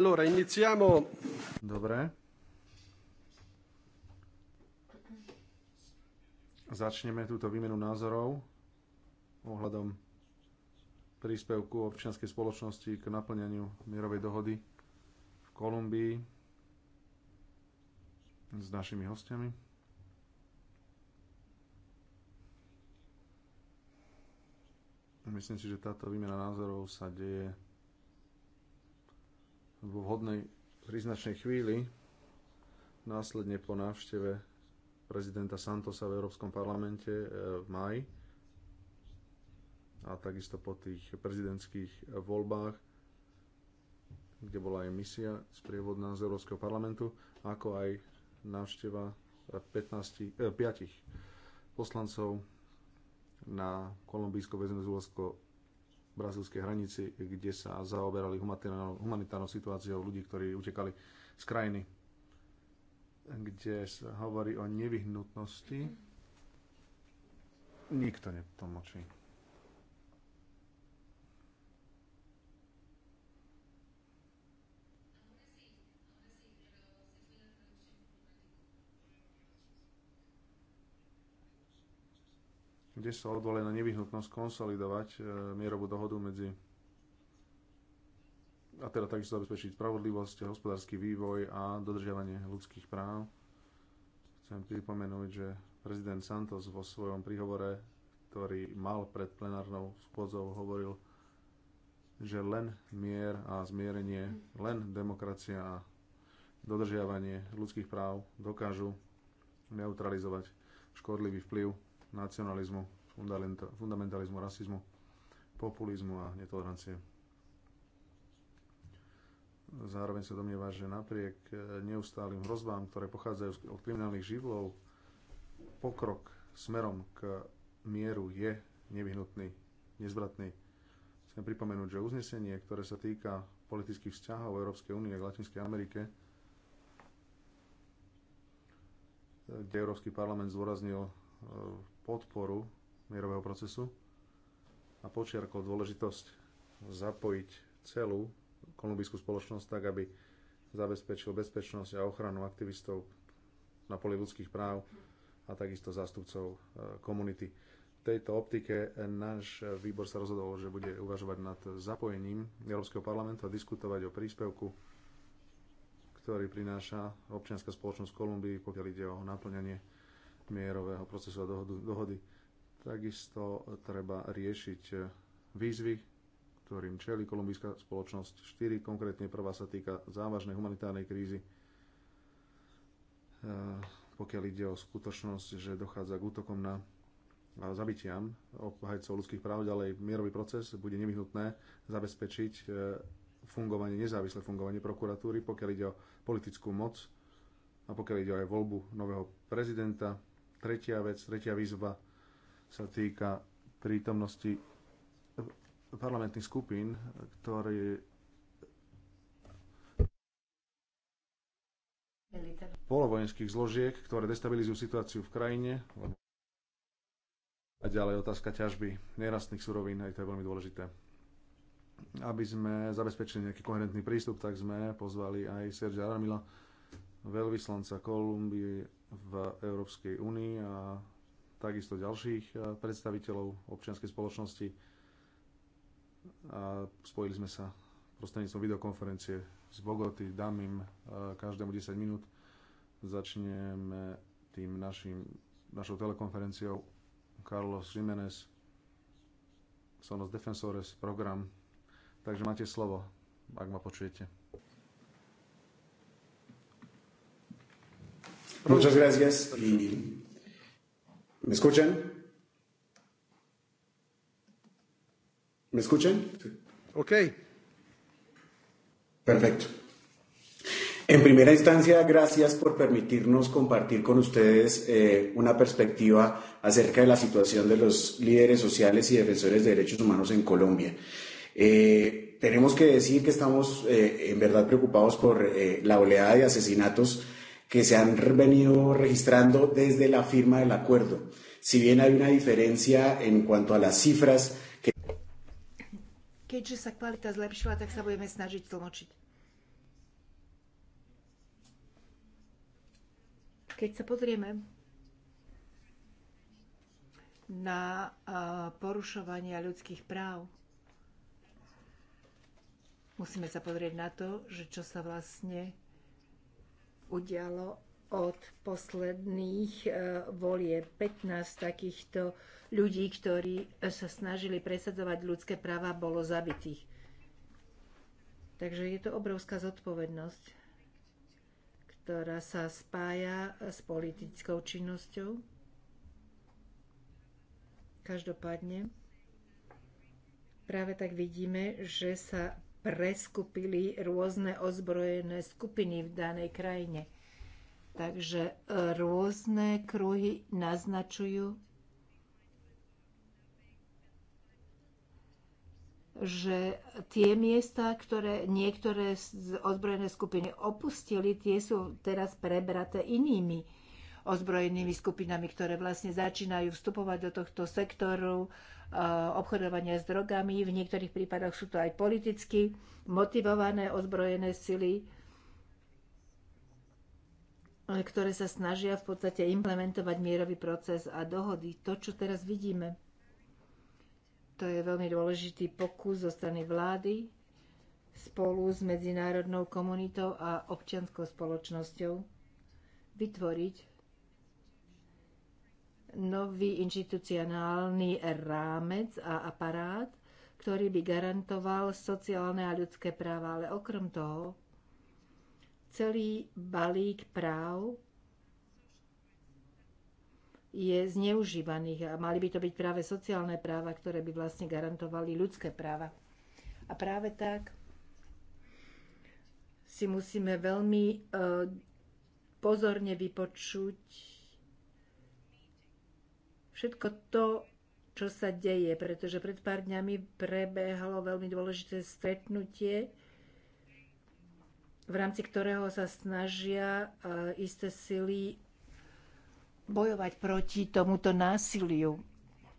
Allora, iniziamo... Dobre. Začneme túto výmenu názorov ohľadom príspevku občianskej spoločnosti k naplňaniu mierovej dohody v Kolumbii s našimi hostiami. Myslím si, že táto výmena názorov sa deje v vhodnej príznačnej chvíli, následne po návšteve prezidenta Santosa v Európskom parlamente e, v maji a takisto po tých prezidentských voľbách, kde bola aj misia sprievodná z Európskeho parlamentu, ako aj návšteva 15, eh, 5 poslancov na kolumbijsko väzenstvo brazílskej hranici, kde sa zaoberali humanitárnou, humanitárnou situáciou ľudí, ktorí utekali z krajiny, kde sa hovorí o nevyhnutnosti. Nikto netlmočí. kde sa odvolajú na nevyhnutnosť konsolidovať e, mierovú dohodu medzi a teda takisto zabezpečiť spravodlivosť, hospodársky vývoj a dodržiavanie ľudských práv. Chcem pripomenúť, že prezident Santos vo svojom príhovore, ktorý mal pred plenárnou schôdzou, hovoril, že len mier a zmierenie, len demokracia a dodržiavanie ľudských práv dokážu neutralizovať škodlivý vplyv nacionalizmu, fundamentalizmu, rasizmu, populizmu a netolerancie. Zároveň sa domnieva, že napriek e, neustálym hrozbám, ktoré pochádzajú od kriminálnych živlov, pokrok smerom k mieru je nevyhnutný, nezvratný. Chcem pripomenúť, že uznesenie, ktoré sa týka politických vzťahov Európskej únie k Latinskej Amerike, e, kde Európsky parlament zdôraznil e, podporu mierového procesu a počiarkol dôležitosť zapojiť celú kolumbijskú spoločnosť tak, aby zabezpečil bezpečnosť a ochranu aktivistov na poli ľudských práv a takisto zástupcov e, komunity. V tejto optike e, náš výbor sa rozhodol, že bude uvažovať nad zapojením Európskeho parlamentu a diskutovať o príspevku, ktorý prináša občianská spoločnosť Kolumbii, pokiaľ ide o naplňanie mierového procesu a dohodu, dohody. Takisto treba riešiť výzvy, ktorým čeli kolumbijská spoločnosť. Štyri konkrétne prvá sa týka závažnej humanitárnej krízy, e, pokiaľ ide o skutočnosť, že dochádza k útokom na zabitiam obhajcov ľudských práv, ďalej mierový proces bude nevyhnutné zabezpečiť e, fungovanie, nezávislé fungovanie prokuratúry, pokiaľ ide o politickú moc a pokiaľ ide aj voľbu nového prezidenta, Tretia vec, tretia výzva sa týka prítomnosti parlamentných skupín, ktoré polovojenských zložiek, ktoré destabilizujú situáciu v krajine. A ďalej otázka ťažby nerastných surovín, aj to je veľmi dôležité. Aby sme zabezpečili nejaký koherentný prístup, tak sme pozvali aj Sergia Armila, veľvyslanca Kolumbie v Európskej únii a takisto ďalších eh, predstaviteľov občianskej spoločnosti. A spojili sme sa prostredníctvom videokonferencie z Bogoty. Dám im eh, každému 10 minút. Začneme tým našim, našou telekonferenciou Carlos Jiménez, Sonos Defensores, program. Takže máte slovo, ak ma počujete. Muchas gracias. Y ¿Me escuchan? ¿Me escuchan? Ok. Perfecto. En primera instancia, gracias por permitirnos compartir con ustedes eh, una perspectiva acerca de la situación de los líderes sociales y defensores de derechos humanos en Colombia. Eh, tenemos que decir que estamos eh, en verdad preocupados por eh, la oleada de asesinatos que se han venido registrando desde la firma del acuerdo. Si bien hay una diferencia en cuanto a las cifras que... Keďže sa kvalita zlepšila, tak sa budeme snažiť tlmočiť. Keď sa pozrieme na porušovanie ľudských práv, musíme sa pozrieť na to, že čo sa vlastne udialo od posledných e, volie 15 takýchto ľudí, ktorí sa snažili presadzovať ľudské práva, bolo zabitých. Takže je to obrovská zodpovednosť, ktorá sa spája s politickou činnosťou. Každopádne práve tak vidíme, že sa preskupili rôzne ozbrojené skupiny v danej krajine. Takže e, rôzne kruhy naznačujú, že tie miesta, ktoré niektoré ozbrojené skupiny opustili, tie sú teraz prebraté inými ozbrojenými skupinami, ktoré vlastne začínajú vstupovať do tohto sektoru Eh, obchodovania s drogami, v niektorých prípadoch sú to aj politicky motivované ozbrojené sily, eh, ktoré sa snažia v podstate implementovať mierový proces a dohody. To, čo teraz vidíme, to je veľmi dôležitý pokus zo strany vlády spolu s medzinárodnou komunitou a občianskou spoločnosťou vytvoriť nový inštitucionálny rámec a aparát, ktorý by garantoval sociálne a ľudské práva. Ale okrem toho, celý balík práv je zneužívaných a mali by to byť práve sociálne práva, ktoré by vlastne garantovali ľudské práva. A práve tak si musíme veľmi eh, pozorne vypočuť všetko to, čo sa deje, pretože pred pár dňami prebehlo veľmi dôležité stretnutie, v rámci ktorého sa snažia e, isté sily bojovať proti tomuto násiliu.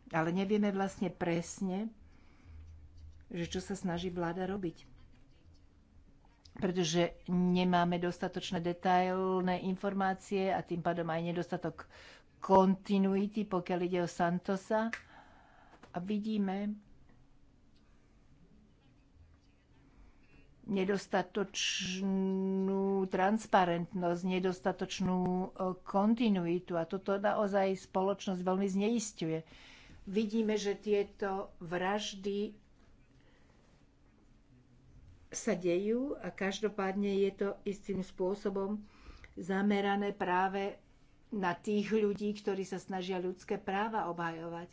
Ale nevieme vlastne presne, že čo sa snaží vláda robiť. Pretože nemáme dostatočné detailné informácie a tým pádom aj nedostatok kontinuity, pokiaľ ide o Santosa. A vidíme nedostatočnú transparentnosť, nedostatočnú e, kontinuitu. A toto naozaj spoločnosť veľmi zneistuje. Vidíme, že tieto vraždy sa dejú a každopádne je to istým spôsobom zamerané práve na tých ľudí, ktorí sa snažia ľudské práva obhajovať.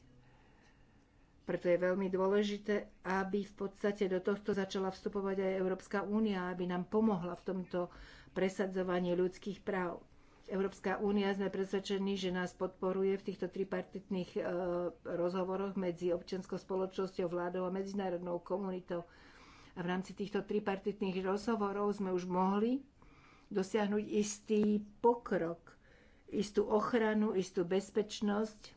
Preto je veľmi dôležité, aby v podstate do tohto začala vstupovať aj Európska únia, aby nám pomohla v tomto presadzovaní ľudských práv. Európska únia sme presvedčení, že nás podporuje v týchto tripartitných e, rozhovoroch medzi občianskou spoločnosťou, vládou a medzinárodnou komunitou. A v rámci týchto tripartitných rozhovorov sme už mohli dosiahnuť istý pokrok istú ochranu, istú bezpečnosť,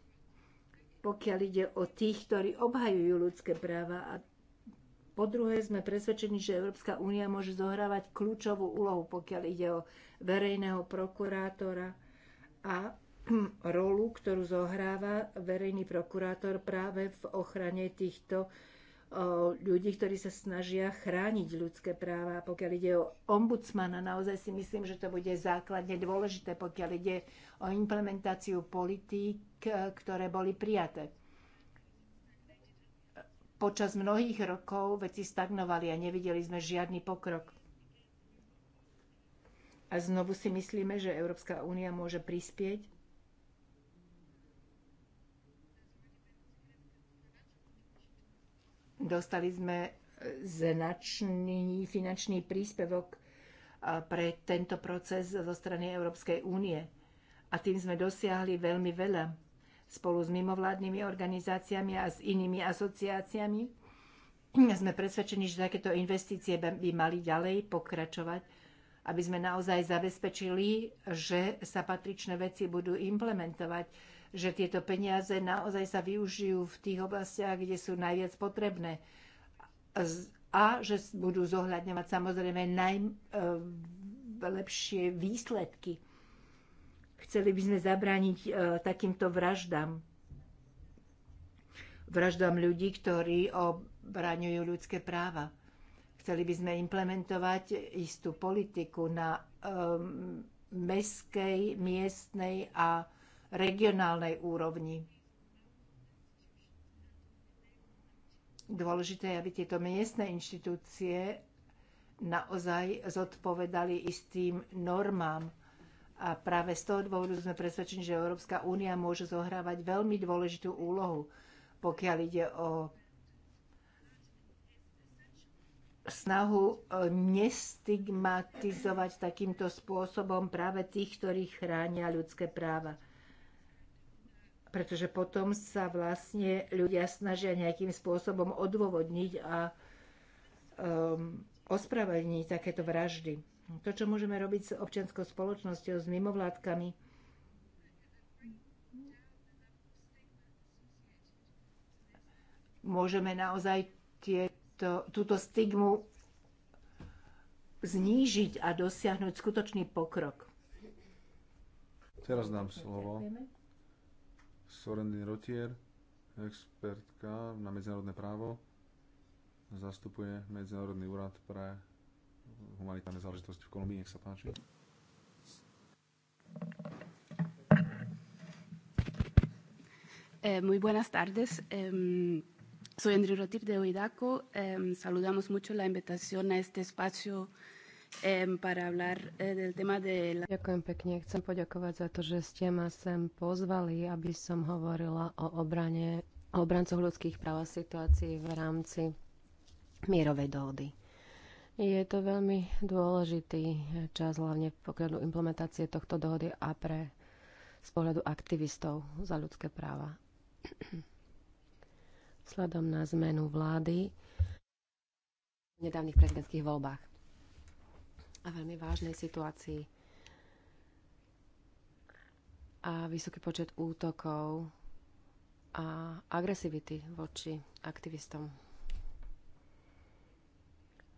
pokiaľ ide o tých, ktorí obhajujú ľudské práva. A po druhé, sme presvedčení, že Európska únia môže zohrávať kľúčovú úlohu, pokiaľ ide o verejného prokurátora a rolu, ktorú zohráva verejný prokurátor práve v ochrane týchto o ľudí, ktorí sa snažia chrániť ľudské práva. Pokiaľ ide o ombudsmana, naozaj si myslím, že to bude základne dôležité, pokiaľ ide o implementáciu politík, e, ktoré boli prijaté. Počas mnohých rokov veci stagnovali a nevideli sme žiadny pokrok. A znovu si myslíme, že Európska únia môže prispieť Dostali sme e, značný finančný príspevok e, pre tento proces zo strany Európskej únie. A tým sme dosiahli veľmi veľa spolu s mimovládnymi organizáciami a s inými asociáciami. Sme presvedčení, že takéto investície by mali ďalej pokračovať, aby sme naozaj zabezpečili, že sa patričné veci budú implementovať že tieto peniaze naozaj sa využijú v tých oblastiach, kde sú najviac potrebné a že budú zohľadňovať samozrejme najlepšie e, výsledky. Chceli by sme zabrániť e, takýmto vraždám. Vraždám ľudí, ktorí obraňujú ľudské práva. Chceli by sme implementovať istú politiku na um, e, meskej, miestnej a regionálnej úrovni. Dôležité je, aby tieto miestne inštitúcie naozaj zodpovedali istým normám. A práve z toho dôvodu sme presvedčení, že Európska únia môže zohrávať veľmi dôležitú úlohu, pokiaľ ide o snahu e, nestigmatizovať takýmto spôsobom práve tých, ktorí chránia ľudské práva pretože potom sa vlastne ľudia snažia nejakým spôsobom odôvodniť a um, ospravedlniť takéto vraždy. To, čo môžeme robiť s občianskou spoločnosťou, s mimovládkami, môžeme naozaj tieto, túto stigmu znížiť a dosiahnuť skutočný pokrok. Teraz dám slovo. Ďakujeme Sorendin Rotier, expertka na medzinárodné právo, zastupuje Medzinárodný úrad pre humanitárne záležitosti v Kolumbii. Nech sa páči. Eh, muy buenas tardes. Eh, soy Andrew Rotir de OIDACO. Eh, saludamos mucho la invitación a este espacio eh, para hablar eh, del tema de la... Ďakujem pekne. Chcem poďakovať za to, že ste ma sem pozvali, aby som hovorila o obrane, o obrancoch ľudských práv a situácií v rámci mierovej dohody. Je to veľmi dôležitý čas, hlavne v implementácie tohto dohody a pre z pohľadu aktivistov za ľudské práva. Vzhľadom na zmenu vlády v nedávnych prezidentských voľbách a veľmi vážnej situácii. A vysoký počet útokov a agresivity voči aktivistom.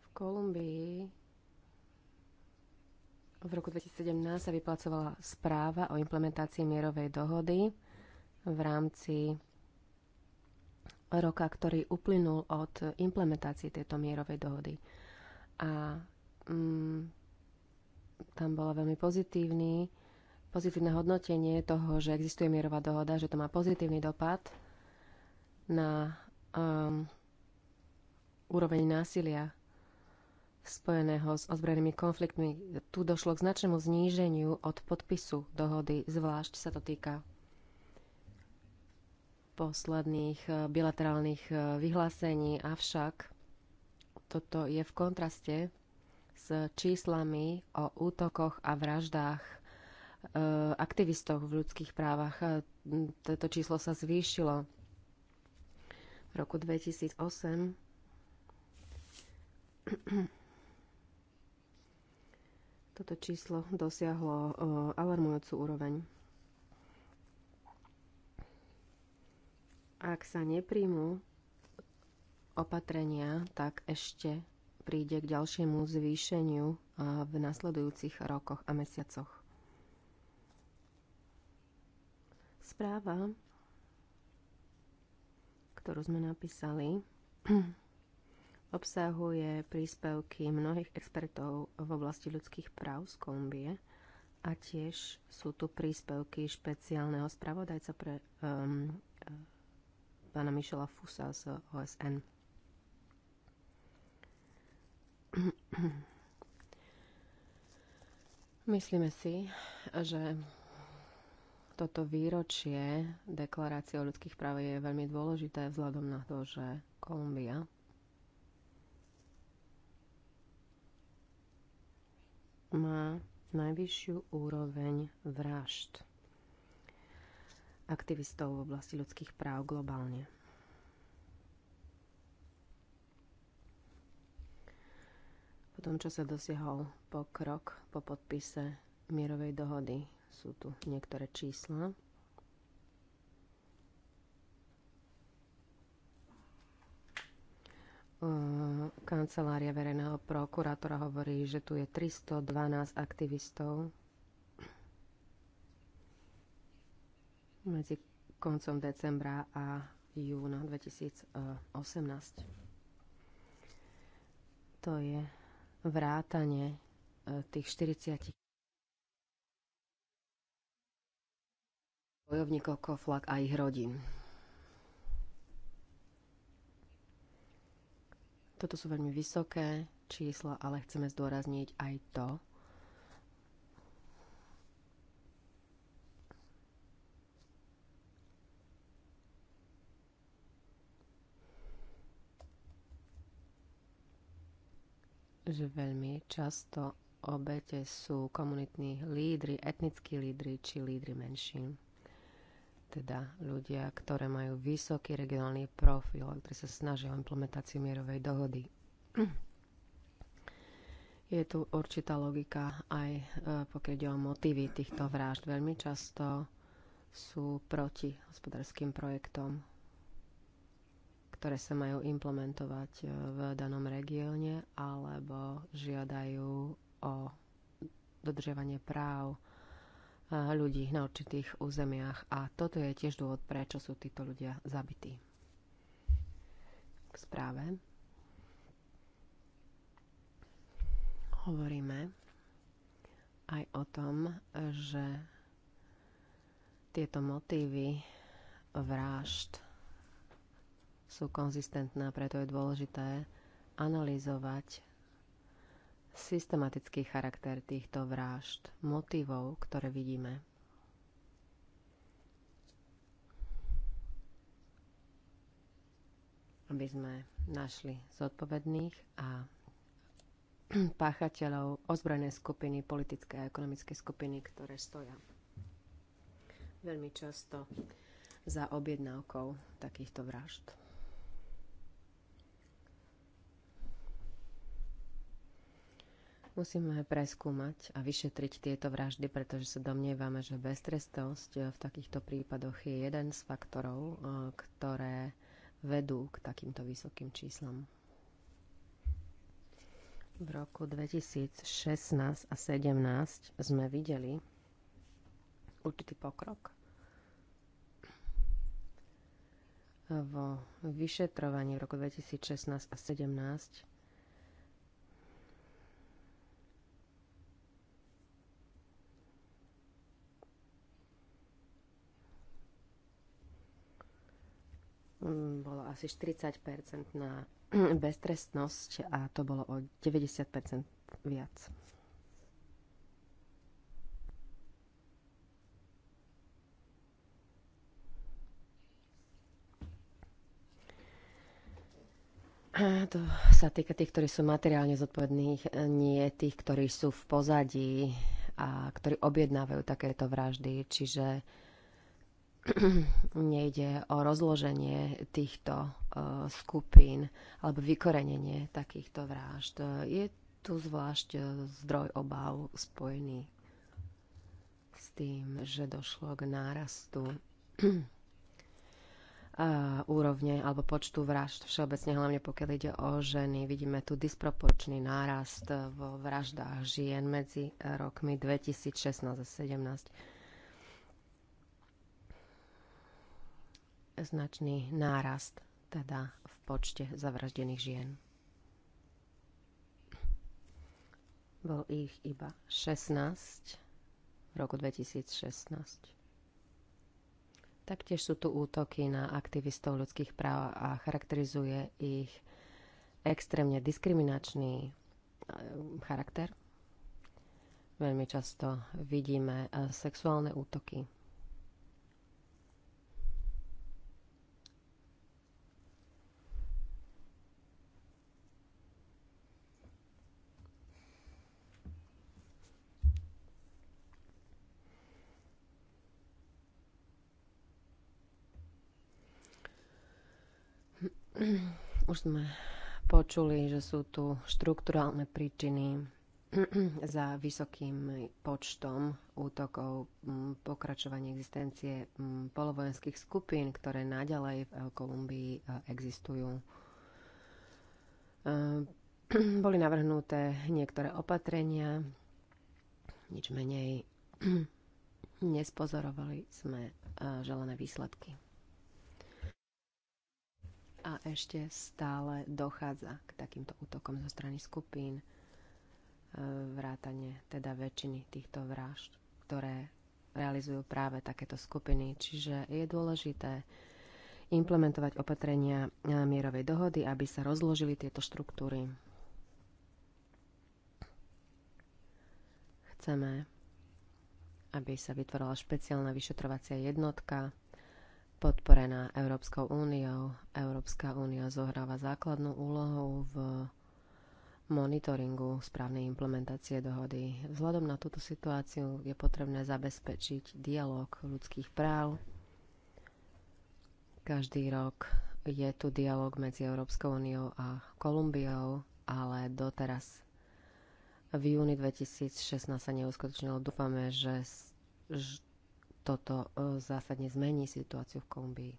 V Kolumbii v roku 2017 sa vyplacovala správa o implementácii mierovej dohody v rámci roka, ktorý uplynul od implementácie tejto mierovej dohody. A Mm, tam bola veľmi pozitívny, pozitívne hodnotenie toho, že existuje mierová dohoda, že to má pozitívny dopad na um, úroveň násilia spojeného s ozbrojenými konfliktmi. Tu došlo k značnému zníženiu od podpisu dohody, zvlášť sa to týka posledných eh, bilaterálnych eh, vyhlásení, avšak toto je v kontraste s číslami o útokoch a vraždách eh, aktivistov v ľudských právach. Eh, toto číslo sa zvýšilo v roku 2008. Toto číslo dosiahlo eh, alarmujúcu úroveň. Ak sa nepríjmú opatrenia, tak ešte príde k ďalšiemu zvýšeniu v nasledujúcich rokoch a mesiacoch. Správa, ktorú sme napísali, obsahuje príspevky mnohých expertov v oblasti ľudských práv z Kolumbie a tiež sú tu príspevky špeciálneho spravodajca pre um, e, pána Mišela Fusa z OSN. Myslíme si, že toto výročie deklarácie o ľudských práv je veľmi dôležité vzhľadom na to, že Kolumbia má najvyššiu úroveň vražd aktivistov v oblasti ľudských práv globálne. tom, čo sa dosiahol pokrok po podpise mierovej dohody. Sú tu niektoré čísla. Kancelária verejného prokurátora hovorí, že tu je 312 aktivistov medzi koncom decembra a júna 2018. To je vrátane e, tých 40 bojovníkov Koflak a ich rodín. Toto sú veľmi vysoké čísla, ale chceme zdôrazniť aj to, že veľmi často obete sú komunitní lídry, etnickí lídry či lídry menšín. Teda ľudia, ktoré majú vysoký regionálny profil, ktorí sa snažia o implementáciu mierovej dohody. Je tu určitá logika aj e, pokiaľ ide o motívy týchto vražd. Veľmi často sú proti hospodárskym projektom, ktoré sa majú implementovať e, v danom regióne, alebo žiadajú o dodržiavanie práv e, ľudí na určitých územiach. A toto je tiež dôvod, prečo sú títo ľudia zabití. K správe. Hovoríme aj o tom, že tieto motívy vražd sú konzistentné, preto je dôležité analyzovať systematický charakter týchto vražd, motivov, ktoré vidíme. Aby sme našli zodpovedných a páchateľov ozbrojené skupiny, politické a ekonomické skupiny, ktoré stoja veľmi často za objednávkou takýchto vražd. Musíme preskúmať a vyšetriť tieto vraždy, pretože sa domnievame, že beztrestnosť v takýchto prípadoch je jeden z faktorov, eh, ktoré vedú k takýmto vysokým číslam. V roku 2016 a 2017 sme videli určitý pokrok vo vyšetrovaní v roku 2016 a 2017 Mm, bolo asi 40% na beztrestnosť a to bolo o 90% viac. A to sa týka tých, ktorí sú materiálne zodpovedných, nie tých, ktorí sú v pozadí a ktorí objednávajú takéto vraždy. Čiže nejde o rozloženie týchto eh, skupín alebo vykorenenie takýchto vražd. Je tu zvlášť eh, zdroj obav spojený s tým, že došlo k nárastu eh, úrovne alebo počtu vražd všeobecne, hlavne pokiaľ ide o ženy. Vidíme tu disproporčný nárast vo vraždách žien medzi rokmi 2016 a 2017 značný nárast teda v počte zavraždených žien. Bol ich iba 16 v roku 2016. Taktiež sú tu útoky na aktivistov ľudských práv a charakterizuje ich extrémne diskriminačný e, charakter. Veľmi často vidíme e, sexuálne útoky Už sme počuli, že sú tu štruktúrálne príčiny za vysokým počtom útokov mm, pokračovanie existencie mm, polovojenských skupín, ktoré naďalej v Kolumbii e, existujú. E, boli navrhnuté niektoré opatrenia, nič menej nespozorovali sme e, želané výsledky a ešte stále dochádza k takýmto útokom zo strany skupín, e, vrátane teda väčšiny týchto vražd, ktoré realizujú práve takéto skupiny. Čiže je dôležité implementovať opatrenia e, mierovej dohody, aby sa rozložili tieto štruktúry. Chceme, aby sa vytvorila špeciálna vyšetrovacia jednotka, podporená Európskou úniou. Európska únia zohráva základnú úlohu v monitoringu správnej implementácie dohody. Vzhľadom na túto situáciu je potrebné zabezpečiť dialog ľudských práv. Každý rok je tu dialog medzi Európskou úniou a Kolumbiou, ale doteraz v júni 2016 sa neuskutočnilo. Dúfame, že toto e, zásadne zmení situáciu v Kolumbii.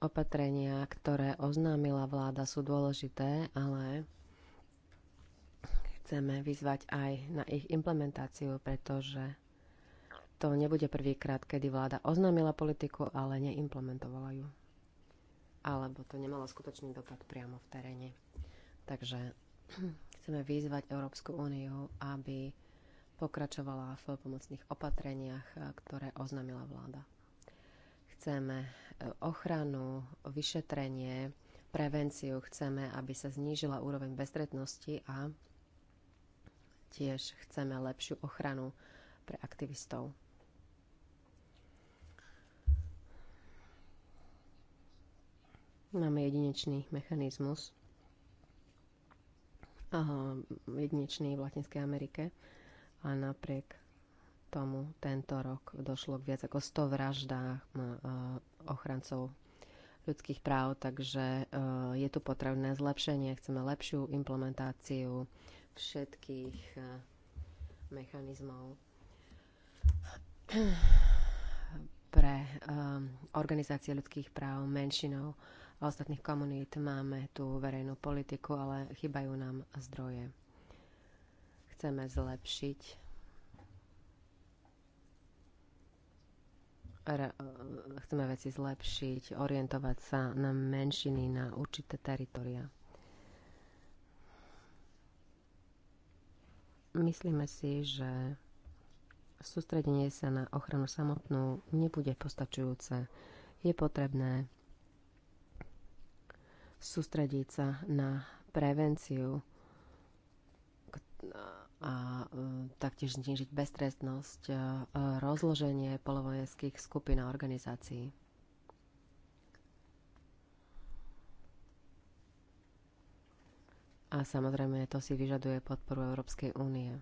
Opatrenia, ktoré oznámila vláda, sú dôležité, ale chceme vyzvať aj na ich implementáciu, pretože to nebude prvýkrát, kedy vláda oznámila politiku, ale neimplementovala ju. Alebo to nemalo skutočný dopad priamo v teréne. Takže chceme vyzvať Európsku úniu, aby pokračovala v pomocných opatreniach, e, ktoré oznámila vláda. Chceme e, ochranu, vyšetrenie, prevenciu, chceme, aby sa znížila úroveň bezstretnosti a tiež chceme lepšiu ochranu pre aktivistov. Máme jedinečný mechanizmus, Aha, jedinečný v Latinskej Amerike, a napriek tomu tento rok došlo k viac ako 100 vraždách e, ochrancov ľudských práv, takže e, je tu potrebné zlepšenie, chceme lepšiu implementáciu všetkých e, mechanizmov pre organizácie ľudských práv menšinov a ostatných komunít. Máme tu verejnú politiku, ale chýbajú nám zdroje chceme zlepšiť e, chceme veci zlepšiť, orientovať sa na menšiny, na určité teritoria. Myslíme si, že sústredenie sa na ochranu samotnú nebude postačujúce. Je potrebné sústrediť sa na prevenciu a e, taktiež znižiť beztrestnosť, e, e, rozloženie polovojenských skupín a organizácií. A samozrejme, to si vyžaduje podporu Európskej únie.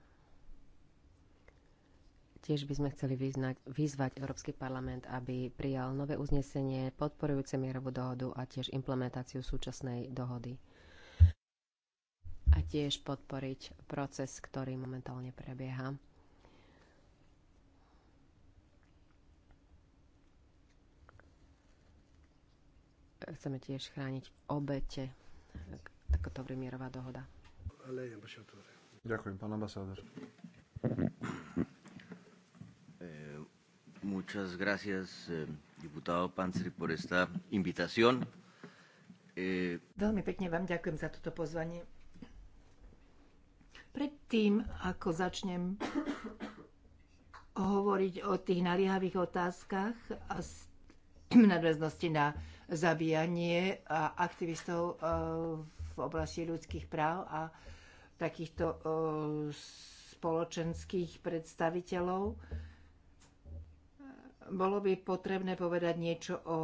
Tiež by sme chceli vyznať, vyzvať Európsky parlament, aby prijal nové uznesenie podporujúce mierovú dohodu a tiež implementáciu súčasnej dohody tiež podporiť proces, ktorý momentálne prebieha. Chceme tiež chrániť obete. to mierová dohoda. Ďakujem, pán ambasádor. Eh, muchas gracias, eh, diputado Pancri, por esta invitación. Eh, Veľmi pekne vám ďakujem za toto pozvanie. Predtým, ako začnem hovoriť o tých naliehavých otázkach a nadväznosti na zabíjanie aktivistov eh, v oblasti ľudských práv a takýchto eh, spoločenských predstaviteľov, bolo by potrebné povedať niečo o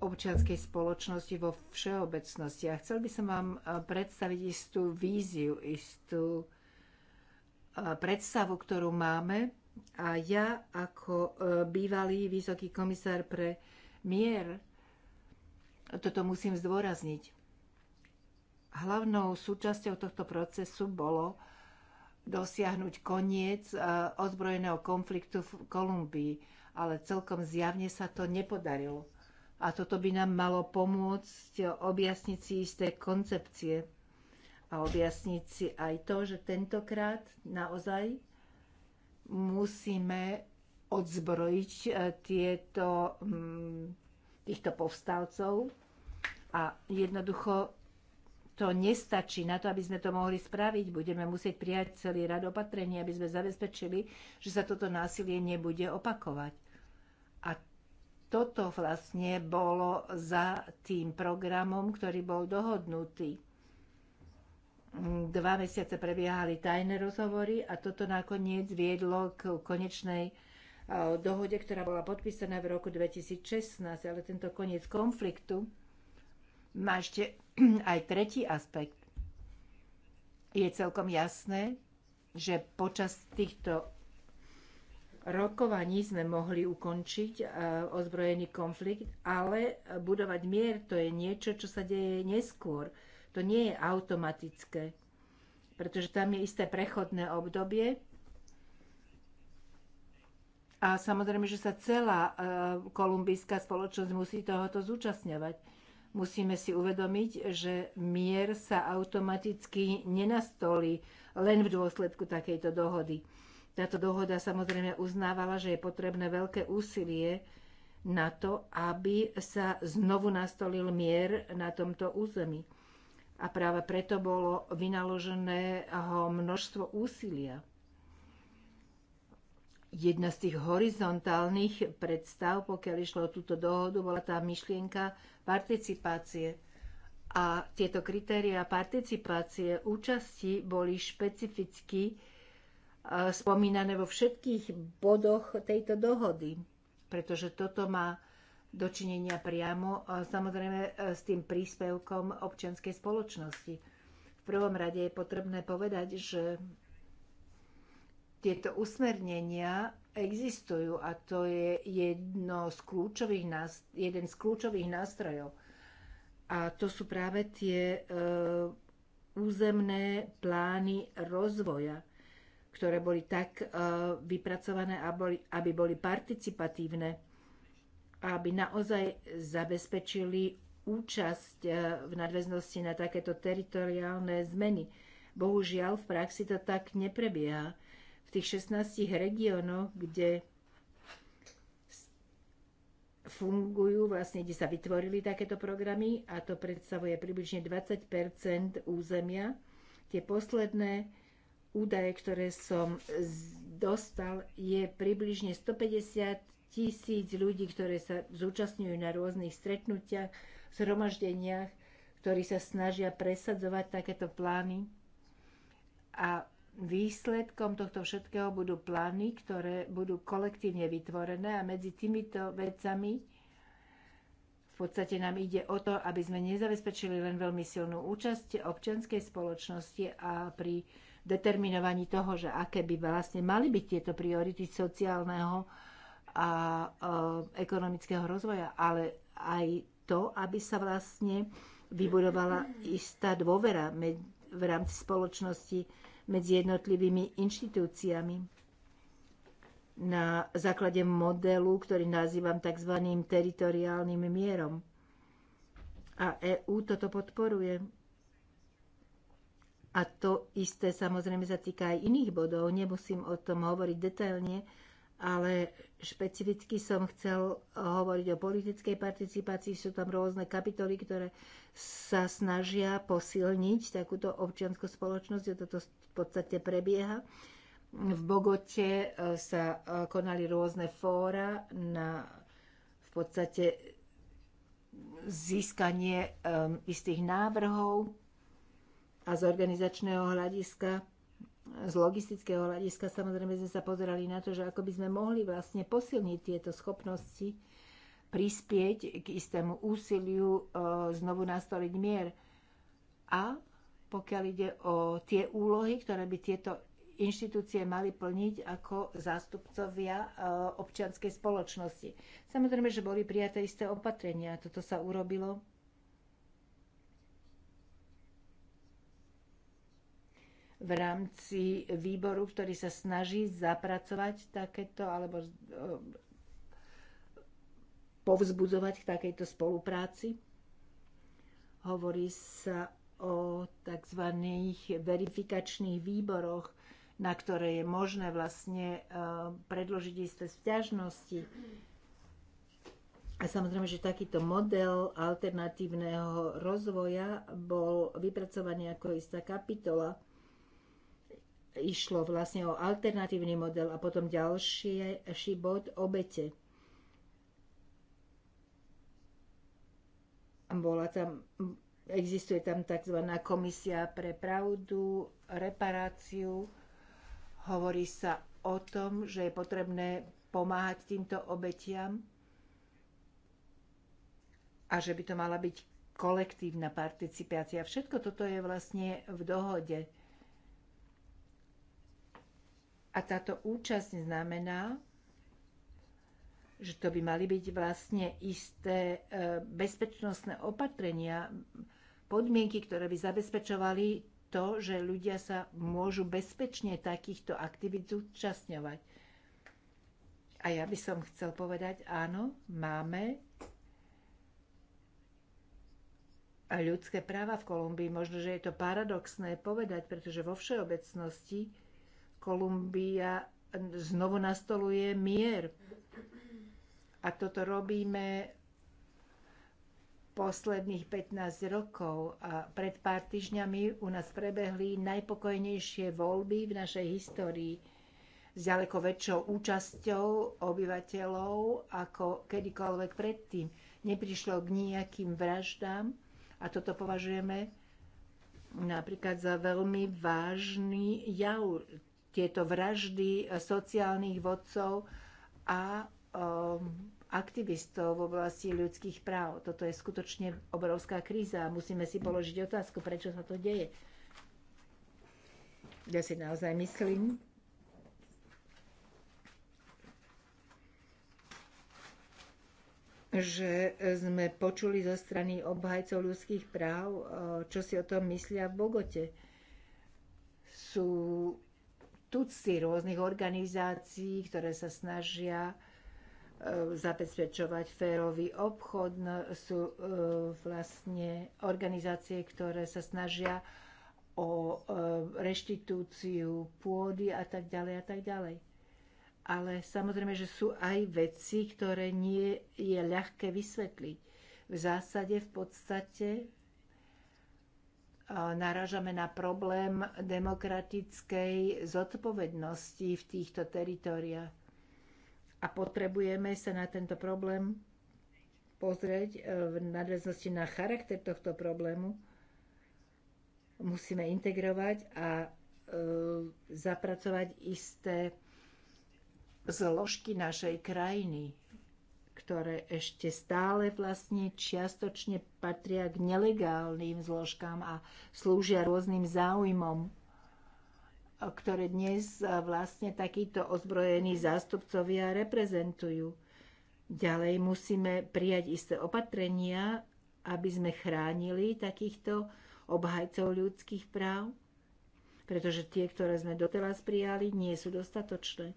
občianskej spoločnosti vo všeobecnosti. A chcel by som vám predstaviť istú víziu, istú predstavu, ktorú máme. A ja ako e, bývalý vysoký komisár pre mier toto musím zdôrazniť. Hlavnou súčasťou tohto procesu bolo dosiahnuť koniec e, ozbrojeného konfliktu v Kolumbii, ale celkom zjavne sa to nepodarilo. A toto by nám malo pomôcť objasniť si isté koncepcie a objasniť si aj to, že tentokrát naozaj musíme odzbrojiť e, tieto, mm, týchto povstalcov a jednoducho to nestačí na to, aby sme to mohli spraviť. Budeme musieť prijať celý rad opatrení, aby sme zabezpečili, že sa toto násilie nebude opakovať toto vlastne bolo za tým programom, ktorý bol dohodnutý. Dva mesiace prebiehali tajné rozhovory a toto nakoniec viedlo k konečnej e, dohode, ktorá bola podpísaná v roku 2016, ale tento koniec konfliktu má ešte aj tretí aspekt. Je celkom jasné, že počas týchto rokovaní sme mohli ukončiť e, ozbrojený konflikt, ale budovať mier to je niečo, čo sa deje neskôr. To nie je automatické, pretože tam je isté prechodné obdobie. A samozrejme, že sa celá e, kolumbijská spoločnosť musí tohoto zúčastňovať. Musíme si uvedomiť, že mier sa automaticky nenastolí len v dôsledku takejto dohody táto dohoda samozrejme uznávala, že je potrebné veľké úsilie na to, aby sa znovu nastolil mier na tomto území. A práve preto bolo vynaložené množstvo úsilia. Jedna z tých horizontálnych predstav, pokiaľ išlo o túto dohodu, bola tá myšlienka participácie. A tieto kritéria participácie účasti boli špecificky spomínané vo všetkých bodoch tejto dohody, pretože toto má dočinenia priamo samozrejme e, s tým príspevkom občianskej spoločnosti. V prvom rade je potrebné povedať, že tieto usmernenia existujú a to je jedno z kľúčových jeden z kľúčových nástrojov. A to sú práve tie e, územné plány rozvoja ktoré boli tak e, vypracované, aby boli participatívne, aby naozaj zabezpečili účasť e, v nadväznosti na takéto teritoriálne zmeny. Bohužiaľ, v praxi to tak neprebieha. V tých 16 regiónoch, kde fungujú, vlastne kde sa vytvorili takéto programy a to predstavuje približne 20 územia. Tie posledné údaje, ktoré som dostal, je približne 150 tisíc ľudí, ktoré sa zúčastňujú na rôznych stretnutiach, zhromaždeniach, ktorí sa snažia presadzovať takéto plány. A výsledkom tohto všetkého budú plány, ktoré budú kolektívne vytvorené a medzi týmito vecami v podstate nám ide o to, aby sme nezabezpečili len veľmi silnú účasť občianskej spoločnosti a pri determinovaní toho, že aké by vlastne mali byť tieto priority sociálneho a e, ekonomického rozvoja, ale aj to, aby sa vlastne vybudovala istá dôvera v rámci spoločnosti medzi jednotlivými inštitúciami na základe modelu, ktorý nazývam tzv. teritoriálnym mierom. A EÚ toto podporuje a to isté samozrejme sa týka aj iných bodov, nemusím o tom hovoriť detailne, ale špecificky som chcel hovoriť o politickej participácii. Sú tam rôzne kapitoly, ktoré sa snažia posilniť takúto občianskú spoločnosť a toto v podstate prebieha. V Bogote e, sa e, konali rôzne fóra na v podstate získanie e, istých návrhov a z organizačného hľadiska, z logistického hľadiska samozrejme sme sa pozerali na to, že ako by sme mohli vlastne posilniť tieto schopnosti, prispieť k istému úsiliu e, znovu nastoliť mier. A pokiaľ ide o tie úlohy, ktoré by tieto inštitúcie mali plniť ako zástupcovia e, občianskej spoločnosti. Samozrejme, že boli prijaté isté opatrenia. Toto sa urobilo v rámci výboru, ktorý sa snaží zapracovať takéto alebo e, povzbudzovať k takejto spolupráci. Hovorí sa o tzv. verifikačných výboroch, na ktoré je možné vlastne e, predložiť isté vzťažnosti. A samozrejme, že takýto model alternatívneho rozvoja bol vypracovaný ako istá kapitola išlo vlastne o alternatívny model a potom ďalší bod obete. Bola tam, existuje tam tzv. komisia pre pravdu, reparáciu. Hovorí sa o tom, že je potrebné pomáhať týmto obetiam a že by to mala byť kolektívna participácia. Všetko toto je vlastne v dohode a táto účasť znamená, že to by mali byť vlastne isté e, bezpečnostné opatrenia, podmienky, ktoré by zabezpečovali to, že ľudia sa môžu bezpečne takýchto aktivít zúčastňovať. A ja by som chcel povedať, áno, máme ľudské práva v Kolumbii. Možno, že je to paradoxné povedať, pretože vo všeobecnosti Kolumbia znovu nastoluje mier. A toto robíme posledných 15 rokov a pred pár týždňami u nás prebehli najpokojnejšie voľby v našej histórii s ďaleko väčšou účasťou obyvateľov ako kedykoľvek predtým. Neprišlo k nejakým vraždám a toto považujeme napríklad za veľmi vážny jav tieto vraždy e, sociálnych vodcov a e, aktivistov v oblasti ľudských práv. Toto je skutočne obrovská kríza a musíme si položiť otázku, prečo sa to deje. Ja si naozaj myslím, že sme počuli zo strany obhajcov ľudských práv, e, čo si o tom myslia v Bogote. Sú tutci rôznych organizácií, ktoré sa snažia e, zabezpečovať férový obchod. No, sú e, vlastne organizácie, ktoré sa snažia o e, reštitúciu pôdy a tak ďalej a tak ďalej. Ale samozrejme, že sú aj veci, ktoré nie je ľahké vysvetliť. V zásade v podstate narážame na problém demokratickej zodpovednosti v týchto teritoriách. A potrebujeme sa na tento problém pozrieť e, v nadväznosti na charakter tohto problému. Musíme integrovať a e, zapracovať isté zložky našej krajiny ktoré ešte stále vlastne čiastočne patria k nelegálnym zložkám a slúžia rôznym záujmom, ktoré dnes vlastne takíto ozbrojení zástupcovia reprezentujú. Ďalej musíme prijať isté opatrenia, aby sme chránili takýchto obhajcov ľudských práv, pretože tie, ktoré sme doteraz prijali, nie sú dostatočné.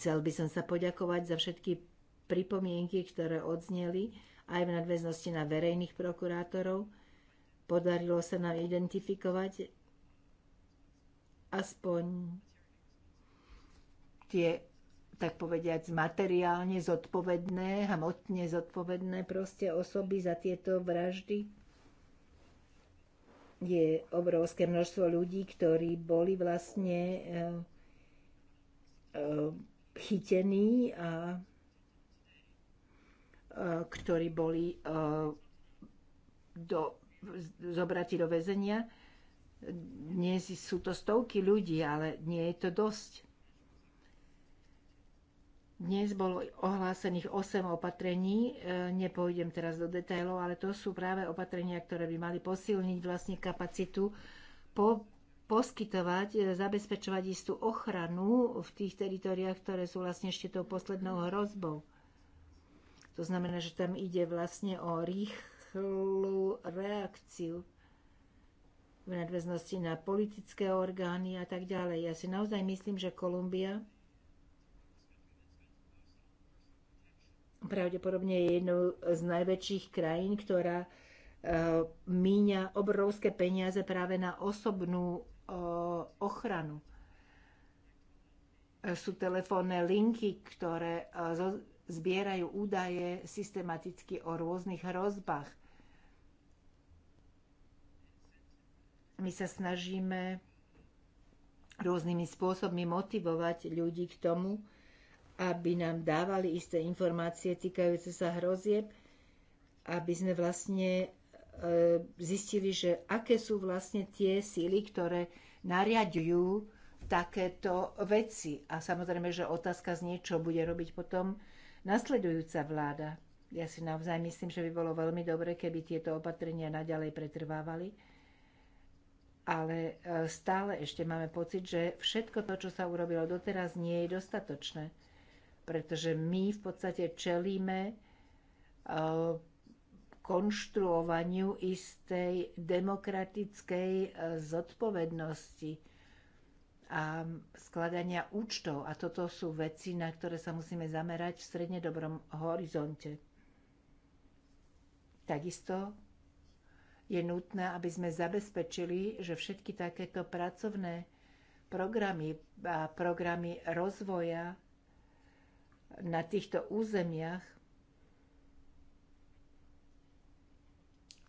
Chcel by som sa poďakovať za všetky pripomienky, ktoré odzneli aj v nadväznosti na verejných prokurátorov. Podarilo sa nám identifikovať aspoň tie, tak povediať, materiálne zodpovedné, hmotne zodpovedné proste osoby za tieto vraždy. Je obrovské množstvo ľudí, ktorí boli vlastne e, e, chytení a ktorí boli e, do, zobratí do väzenia. Dnes sú to stovky ľudí, ale nie je to dosť. Dnes bolo ohlásených 8 opatrení, e, nepôjdem teraz do detailov, ale to sú práve opatrenia, ktoré by mali posilniť vlastne kapacitu, po, poskytovať, e, zabezpečovať istú ochranu v tých teritoriách, ktoré sú vlastne ešte tou poslednou hrozbou. To znamená, že tam ide vlastne o rýchlu reakciu v nadväznosti na politické orgány a tak ďalej. Ja si naozaj myslím, že Kolumbia pravdepodobne je jednou z najväčších krajín, ktorá e, míňa obrovské peniaze práve na osobnú ochranu. E, sú telefónne linky, ktoré e, zbierajú údaje systematicky o rôznych hrozbách. My sa snažíme rôznymi spôsobmi motivovať ľudí k tomu, aby nám dávali isté informácie týkajúce sa hrozieb, aby sme vlastne e, zistili, že aké sú vlastne tie síly, ktoré nariadujú takéto veci. A samozrejme, že otázka z niečo bude robiť potom nasledujúca vláda. Ja si naozaj myslím, že by bolo veľmi dobre, keby tieto opatrenia naďalej pretrvávali, ale e, stále ešte máme pocit, že všetko to, čo sa urobilo doteraz, nie je dostatočné, pretože my v podstate čelíme e, konštruovaniu istej demokratickej e, zodpovednosti a skladania účtov. A toto sú veci, na ktoré sa musíme zamerať v strednedobrom horizonte. Takisto je nutné, aby sme zabezpečili, že všetky takéto pracovné programy a programy rozvoja na týchto územiach,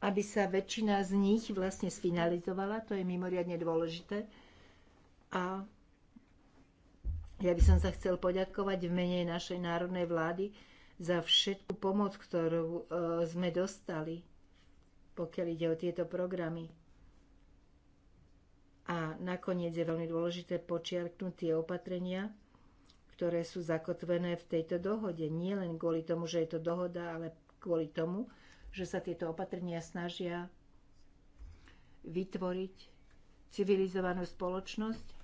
aby sa väčšina z nich vlastne sfinalizovala, to je mimoriadne dôležité, a ja by som sa chcel poďakovať v mene našej národnej vlády za všetku pomoc, ktorú e, sme dostali, pokiaľ ide o tieto programy. A nakoniec je veľmi dôležité počiarknúť tie opatrenia, ktoré sú zakotvené v tejto dohode. Nie len kvôli tomu, že je to dohoda, ale kvôli tomu, že sa tieto opatrenia snažia vytvoriť civilizovanú spoločnosť,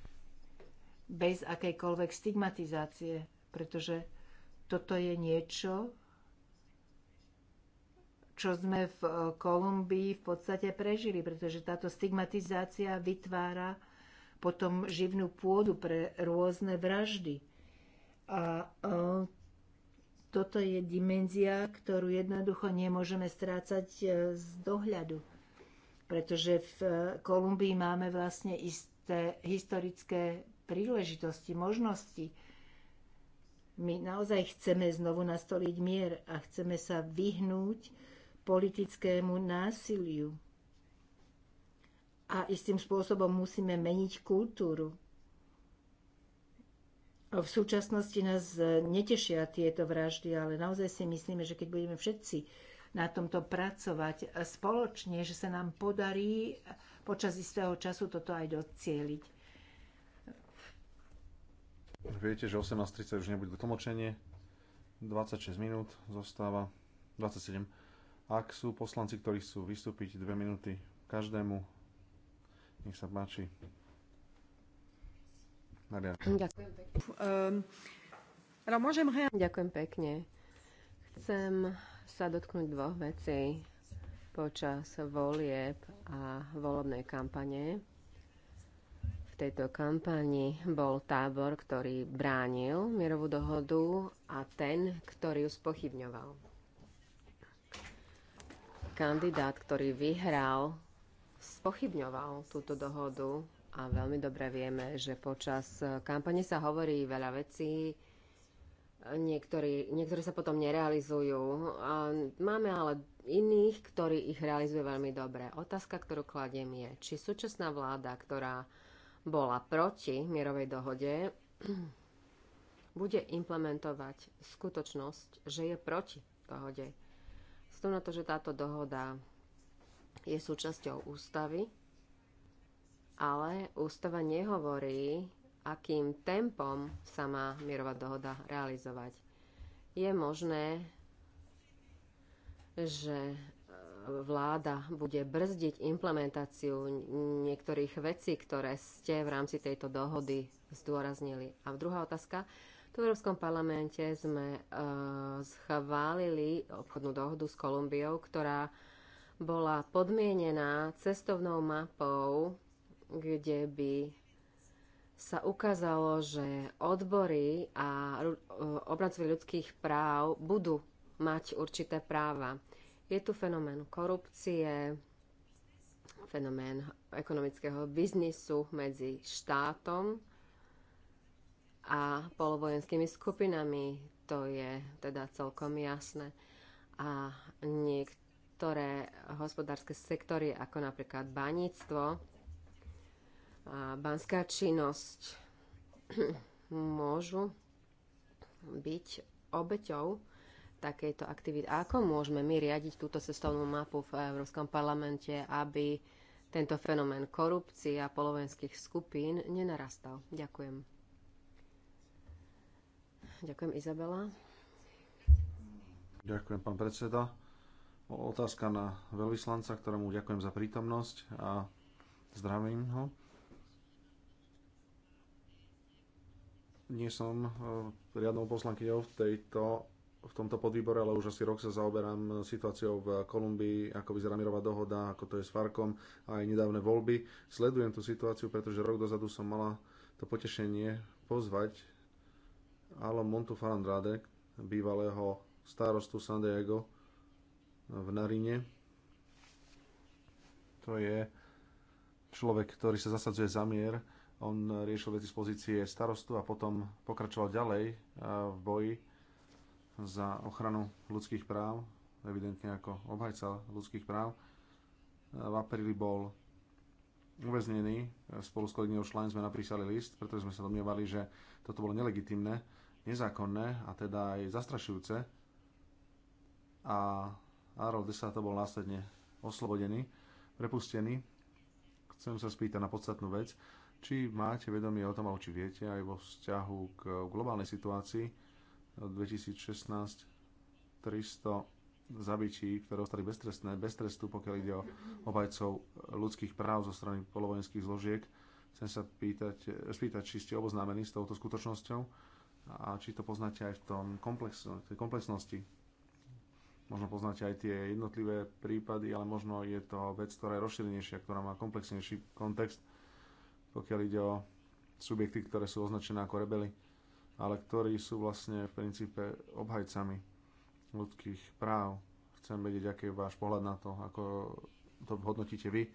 bez akejkoľvek stigmatizácie, pretože toto je niečo, čo sme v eh, Kolumbii v podstate prežili, pretože táto stigmatizácia vytvára potom živnú pôdu pre rôzne vraždy. A eh, toto je dimenzia, ktorú jednoducho nemôžeme strácať eh, z dohľadu, pretože v Kolumbii máme vlastne isté historické príležitosti, možnosti. My naozaj chceme znovu nastoliť mier a chceme sa vyhnúť politickému násiliu. A istým spôsobom musíme meniť kultúru. V súčasnosti nás netešia tieto vraždy, ale naozaj si myslíme, že keď budeme všetci na tomto pracovať spoločne, že sa nám podarí počas istého času toto aj docieliť. Viete, že 18.30 už nebude tlmočenie. 26 minút zostáva. 27. Ak sú poslanci, ktorí chcú vystúpiť 2 minúty každému, nech sa páči. Maria. Ďakujem pekne. Um, Ďakujem pekne. Chcem sa dotknúť dvoch vecí počas volieb a volebnej kampane tejto kampani bol tábor, ktorý bránil mierovú dohodu a ten, ktorý ju spochybňoval. Kandidát, ktorý vyhral, spochybňoval túto dohodu a veľmi dobre vieme, že počas kampane sa hovorí veľa vecí, Niektorí, niektorí sa potom nerealizujú. Máme ale iných, ktorí ich realizuje veľmi dobre. Otázka, ktorú kladiem je, či súčasná vláda, ktorá bola proti mierovej dohode, bude implementovať skutočnosť, že je proti dohode. Vzhľadom na to, že táto dohoda je súčasťou ústavy, ale ústava nehovorí, akým tempom sa má mierová dohoda realizovať. Je možné, že vláda bude brzdiť implementáciu niektorých vecí, ktoré ste v rámci tejto dohody zdôraznili. A druhá otázka. Tu v Európskom parlamente sme uh, schválili obchodnú dohodu s Kolumbiou, ktorá bola podmienená cestovnou mapou, kde by sa ukázalo, že odbory a e, obrancovi ľudských práv budú mať určité práva. Je tu fenomén korupcie, fenomén ekonomického biznisu medzi štátom a polovojenskými skupinami. To je teda celkom jasné. A niektoré hospodárske sektory, ako napríklad baníctvo, banská činnosť, môžu byť obeťou takejto aktivity. ako môžeme my riadiť túto cestovnú mapu v Európskom parlamente, aby tento fenomén korupcie a polovenských skupín nenarastal? Ďakujem. Ďakujem, Izabela. Ďakujem, pán predseda. Otázka na veľvyslanca, ktorému ďakujem za prítomnosť a zdravím ho. nie som eh, riadnou poslankyňou v tejto v tomto podvýbore, ale už asi rok sa zaoberám situáciou v Kolumbii, ako vyzerá mirová dohoda, ako to je s Farkom a aj nedávne voľby. Sledujem tú situáciu, pretože rok dozadu som mala to potešenie pozvať Alo Montu Falandrade, bývalého starostu San Diego v Narine. To je človek, ktorý sa zasadzuje za mier. On riešil veci z pozície starostu a potom pokračoval ďalej v boji za ochranu ľudských práv, evidentne ako obhajca ľudských práv. V apríli bol uväznený. E, spolu s kolegyňou Schlein sme napísali list, pretože sme sa domnievali, že toto bolo nelegitimné, nezákonné a teda aj zastrašujúce. A Arol to bol následne oslobodený, prepustený. Chcem sa spýtať na podstatnú vec, či máte vedomie o tom, alebo či viete aj vo vzťahu k globálnej situácii, 2016 300 zabití, ktoré ostali beztrestné, bez trestu, pokiaľ ide o obhajcov ľudských práv zo strany polovojenských zložiek. Chcem sa pýtať, spýtať, či ste oboznámení s touto skutočnosťou a či to poznáte aj v tom komplex, tej komplexnosti. Možno poznáte aj tie jednotlivé prípady, ale možno je to vec, ktorá je rozšírenejšia, ktorá má komplexnejší kontext, pokiaľ ide o subjekty, ktoré sú označené ako rebely ale ktorí sú vlastne v princípe obhajcami ľudských práv. Chcem vedieť, aký je váš pohľad na to, ako to hodnotíte vy.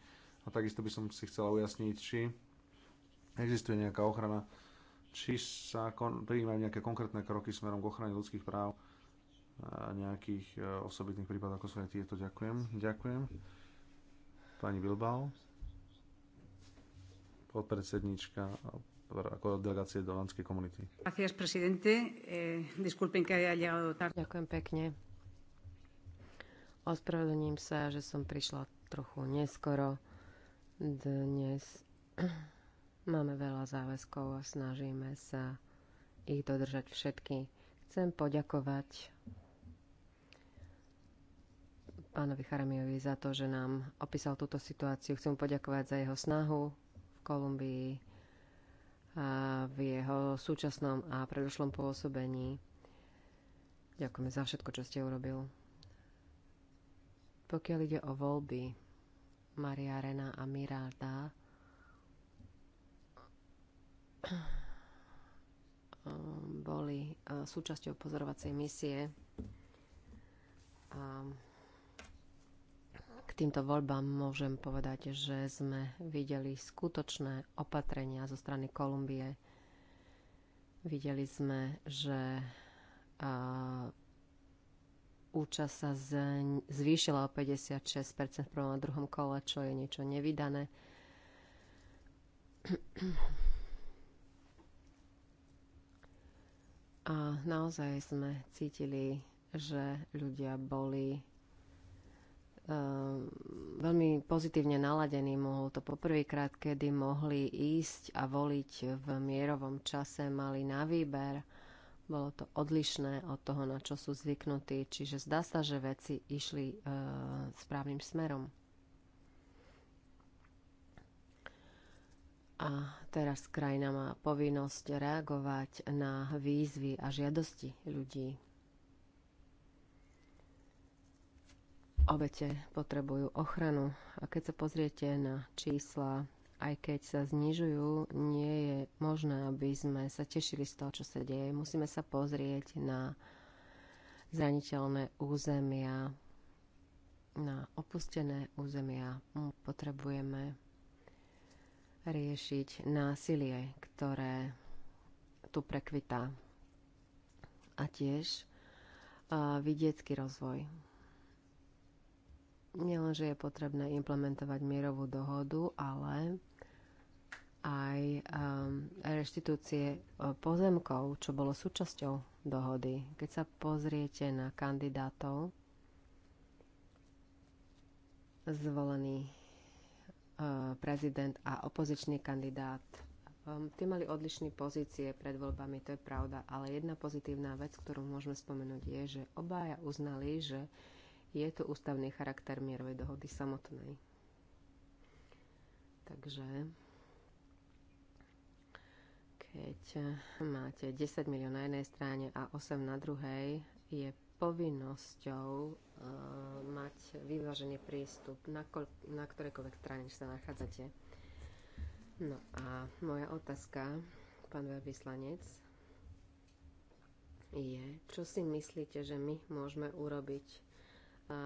A takisto by som si chcela ujasniť, či existuje nejaká ochrana, či sa kon- prijímajú nejaké konkrétne kroky smerom k ochrane ľudských práv a nejakých e, osobitných prípadov, ako sú aj tieto. Ďakujem. Ďakujem. Pani Bilbao, podpredsednička ako delegácie do holandskej komunity. Eh, Ďakujem pekne. Ospravedlním sa, že som prišla trochu neskoro. Dnes máme veľa záväzkov a snažíme sa ich dodržať všetky. Chcem poďakovať pánovi Charamiovi za to, že nám opísal túto situáciu. Chcem poďakovať za jeho snahu v Kolumbii v jeho súčasnom a predošlom pôsobení. Ďakujeme za všetko, čo ste urobil. Pokiaľ ide o voľby Maria Rena a Miralda, boli eh, súčasťou pozorovacej misie a týmto voľbám môžem povedať, že sme videli skutočné opatrenia zo strany Kolumbie. Videli sme, že a, účasť sa z, zvýšila o 56% v prvom a druhom kole, čo je niečo nevydané. A naozaj sme cítili, že ľudia boli Ehm, veľmi pozitívne naladení. Mohol to poprvýkrát, kedy mohli ísť a voliť v mierovom čase, mali na výber. Bolo to odlišné od toho, na čo sú zvyknutí, čiže zdá sa, že veci išli e, správnym smerom. A teraz krajina má povinnosť reagovať na výzvy a žiadosti ľudí. obete potrebujú ochranu. A keď sa pozriete na čísla, aj keď sa znižujú, nie je možné, aby sme sa tešili z toho, čo sa deje. Musíme sa pozrieť na zraniteľné územia, na opustené územia. Potrebujeme riešiť násilie, ktoré tu prekvitá. A tiež vidiecký rozvoj nielenže je potrebné implementovať mierovú dohodu, ale aj um, ehm, reštitúcie e, pozemkov, čo bolo súčasťou dohody. Keď sa pozriete na kandidátov zvolený uh, prezident a opozičný kandidát, um, tí mali odlišné pozície pred voľbami, to je pravda, ale jedna pozitívna vec, ktorú môžeme spomenúť, je, že obaja uznali, že uh, je tu ústavný charakter mierovej dohody samotnej. Takže keď máte 10 miliónov na jednej strane a 8 na druhej, je povinnosťou uh, mať vyvážený prístup na, kol- na ktorejkoľvek strane, sa nachádzate. No a moja otázka, pán veľvyslanec, je, čo si myslíte, že my môžeme urobiť a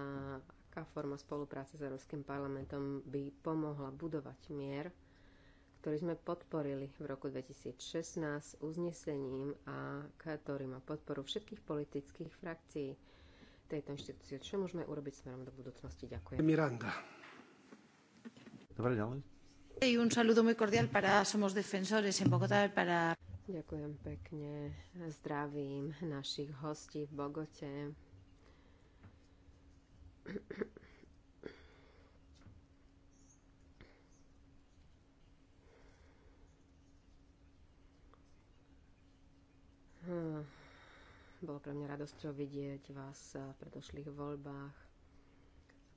aká forma spolupráce s Európskym parlamentom by pomohla budovať mier, ktorý sme podporili v roku 2016 uznesením a ktorý má podporu všetkých politických frakcií tejto inštitúcie. Čo môžeme urobiť smerom do budúcnosti? Ďakujem. Miranda. Dobre, ďalej. Un saludo muy cordial para Somos Defensores en Bogotá para... Ďakujem pekne. Zdravím našich hostí v Bogote Hm. Bolo pre mňa radosťou vidieť vás v predošlých voľbách.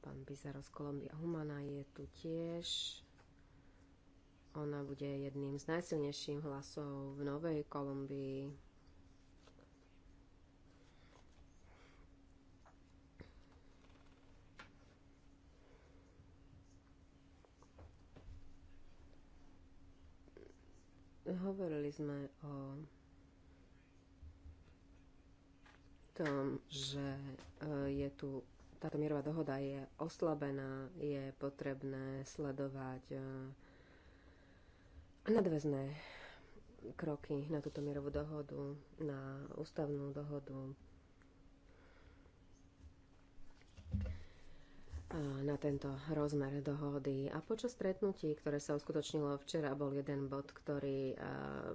Pán Pizarro z Kolumbia Humana je tu tiež. Ona bude jedným z najsilnejších hlasov v Novej Kolumbii Hovorili sme o tom, že e, je tu táto mierová dohoda je oslabená, je potrebné sledovať e, nadväzné kroky na túto mierovú dohodu, na ústavnú dohodu na tento rozmer dohody. A počas stretnutí, ktoré sa uskutočnilo včera, bol jeden bod, ktorý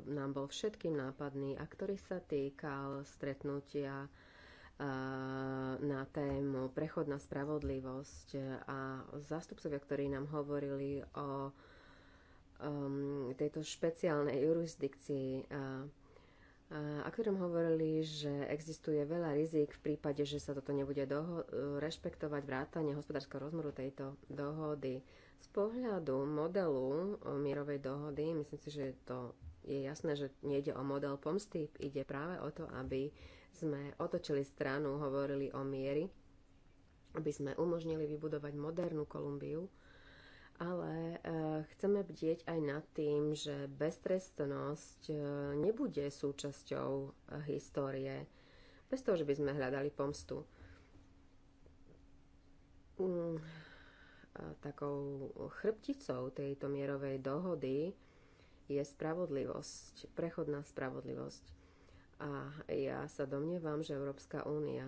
nám bol všetkým nápadný a ktorý sa týkal stretnutia na tému prechod na spravodlivosť a zástupcovia, ktorí nám hovorili o um, tejto špeciálnej jurisdikcii a ktorom hovorili, že existuje veľa rizik v prípade, že sa toto nebude rešpektovať vrátanie hospodárskeho rozmoru tejto dohody. Z pohľadu modelu mierovej dohody, myslím si, že to je jasné, že nejde o model pomsty, ide práve o to, aby sme otočili stranu, hovorili o miery, aby sme umožnili vybudovať modernú Kolumbiu, ale e, chceme bdieť aj nad tým, že beztrestnosť e, nebude súčasťou e, histórie, bez toho, že by sme hľadali pomstu. Mm, takou chrbticou tejto mierovej dohody je spravodlivosť, prechodná spravodlivosť. A ja sa domnievam, že Európska únia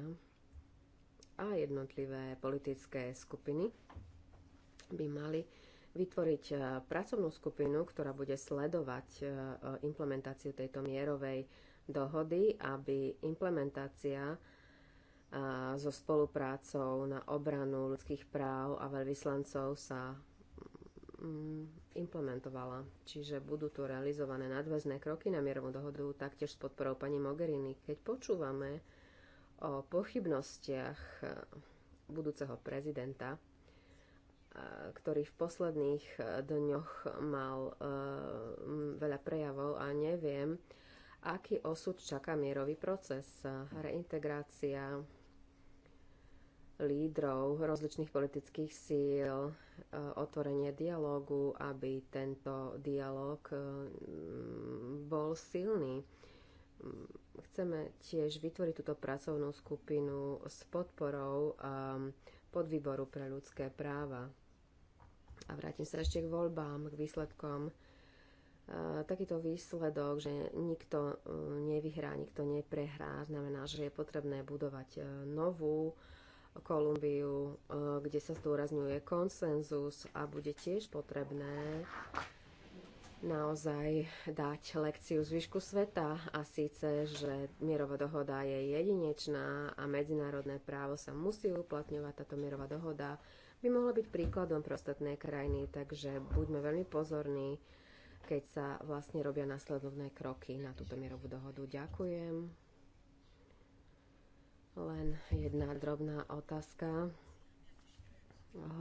a jednotlivé politické skupiny by mali vytvoriť e, pracovnú skupinu, ktorá bude sledovať e, implementáciu tejto mierovej dohody, aby implementácia e, so spoluprácou na obranu ľudských práv a veľvyslancov sa mm, implementovala. Čiže budú tu realizované nadväzné kroky na mierovú dohodu taktiež s podporou pani Mogherini. Keď počúvame o pochybnostiach budúceho prezidenta ktorý v posledných e, dňoch mal e, veľa prejavov a neviem, aký osud čaká mierový proces. Reintegrácia lídrov rozličných politických síl, e, otvorenie dialógu, aby tento dialog bol silný. Chceme tiež vytvoriť túto pracovnú skupinu s podporou podvýboru pre ľudské práva. A vrátim sa ešte k voľbám, k výsledkom. E, takýto výsledok, že nikto e, nevyhrá, nikto neprehrá, znamená, že je potrebné budovať e, novú Kolumbiu, kde sa zdôrazňuje konsenzus a bude tiež potrebné naozaj dať lekciu zvyšku sveta a síce, že mierová dohoda je jedinečná a medzinárodné právo sa musí uplatňovať. Táto mierová dohoda by mohla byť príkladom pre ostatné krajiny, takže buďme veľmi pozorní, keď sa vlastne robia následovné kroky na túto mierovú dohodu. Ďakujem. Len jedna drobná otázka.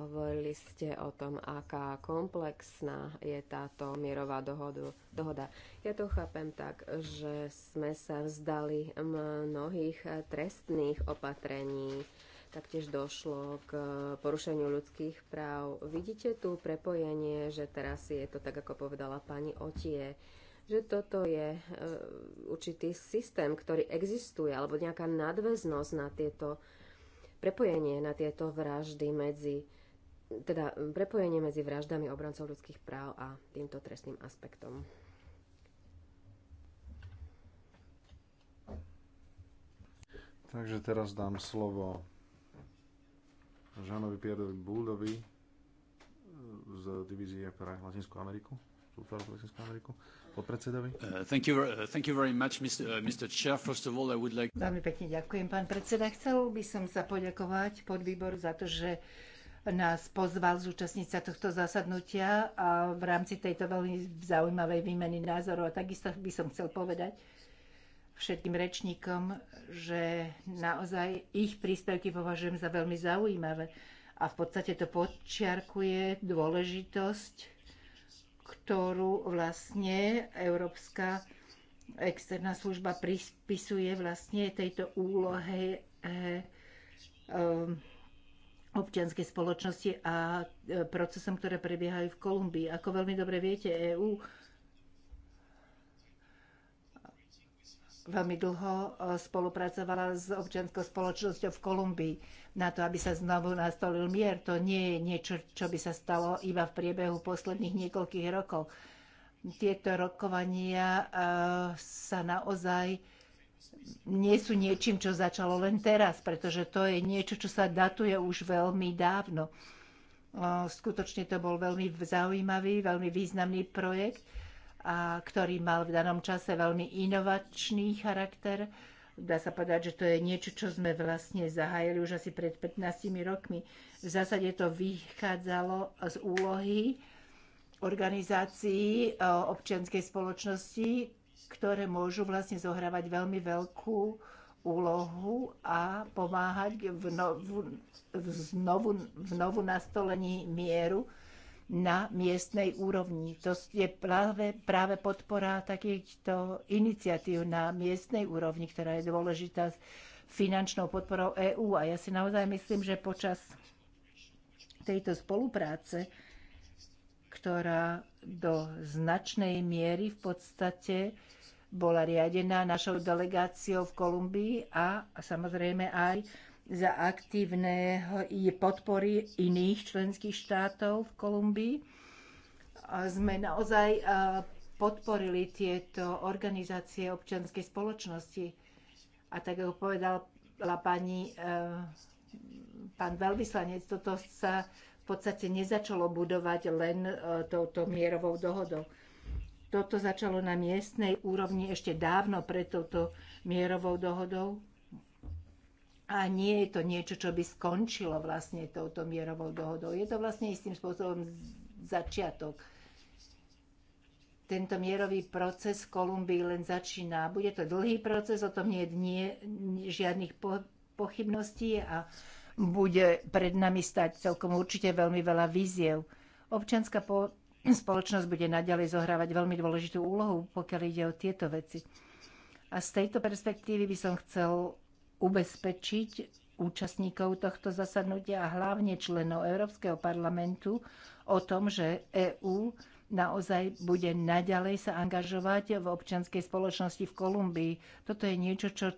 Hovorili ste o tom, aká komplexná je táto mierová dohodu, dohoda. Ja to chápem tak, že sme sa vzdali mnohých trestných opatrení, taktiež došlo k eh, porušeniu ľudských práv. Vidíte tu prepojenie, že teraz je to tak, ako povedala pani Otie, že toto je eh, určitý systém, ktorý existuje, alebo nejaká nadväznosť na tieto prepojenie, na tieto vraždy medzi teda prepojenie medzi vraždami obrancov ľudských práv a týmto trestným aspektom. Takže teraz dám slovo Žanovi Pierdovi Buldovi eh, z divízie pre Latinskú Ameriku Veľmi pekne ďakujem, pán predseda. Chcel by som sa poďakovať výbor za to, že nás pozval zúčastniť sa tohto zasadnutia a v rámci tejto veľmi zaujímavej výmeny názorov. A takisto by som chcel povedať, všetkým rečníkom, že naozaj ich príspevky považujem za veľmi zaujímavé a v podstate to podčiarkuje dôležitosť, ktorú vlastne Európska externá služba prispisuje vlastne tejto úlohe eh, eh, občianskej spoločnosti a eh, procesom, ktoré prebiehajú v Kolumbii. Ako veľmi dobre viete, EÚ veľmi dlho e, spolupracovala s občianskou spoločnosťou v Kolumbii na to, aby sa znovu nastolil mier. To nie je niečo, čo by sa stalo iba v priebehu posledných niekoľkých rokov. Tieto rokovania e, sa naozaj nie sú niečím, čo začalo len teraz, pretože to je niečo, čo sa datuje už veľmi dávno. E, skutočne to bol veľmi zaujímavý, veľmi významný projekt a ktorý mal v danom čase veľmi inovačný charakter. Dá sa povedať, že to je niečo, čo sme vlastne zahájili už asi pred 15 rokmi. V zásade to vychádzalo z úlohy organizácií e, občianskej spoločnosti, ktoré môžu vlastne zohrávať veľmi veľkú úlohu a pomáhať v, novu, v, v, znovu, v novu nastolení mieru na miestnej úrovni. To je práve, práve podpora takýchto iniciatív na miestnej úrovni, ktorá je dôležitá finančnou podporou EÚ. A ja si naozaj myslím, že počas tejto spolupráce, ktorá do značnej miery v podstate bola riadená našou delegáciou v Kolumbii a samozrejme aj za aktívne podpory iných členských štátov v Kolumbii. A sme naozaj podporili tieto organizácie občianskej spoločnosti. A tak ako povedala pani, e, pán veľvyslanec, toto sa v podstate nezačalo budovať len e, touto mierovou dohodou. Toto začalo na miestnej úrovni ešte dávno pred touto mierovou dohodou a nie je to niečo, čo by skončilo vlastne touto mierovou dohodou. Je to vlastne istým spôsobom začiatok. Tento mierový proces v Kolumbii len začína. Bude to dlhý proces, o tom nie je nie, žiadnych po, pochybností a bude pred nami stať celkom určite veľmi veľa víziev. Občianská po, spoločnosť bude naďalej zohrávať veľmi dôležitú úlohu, pokiaľ ide o tieto veci. A z tejto perspektívy by som chcel ubezpečiť účastníkov tohto zasadnutia a hlavne členov Európskeho parlamentu o tom, že EÚ naozaj bude naďalej sa angažovať v občianskej spoločnosti v Kolumbii. Toto je niečo, čo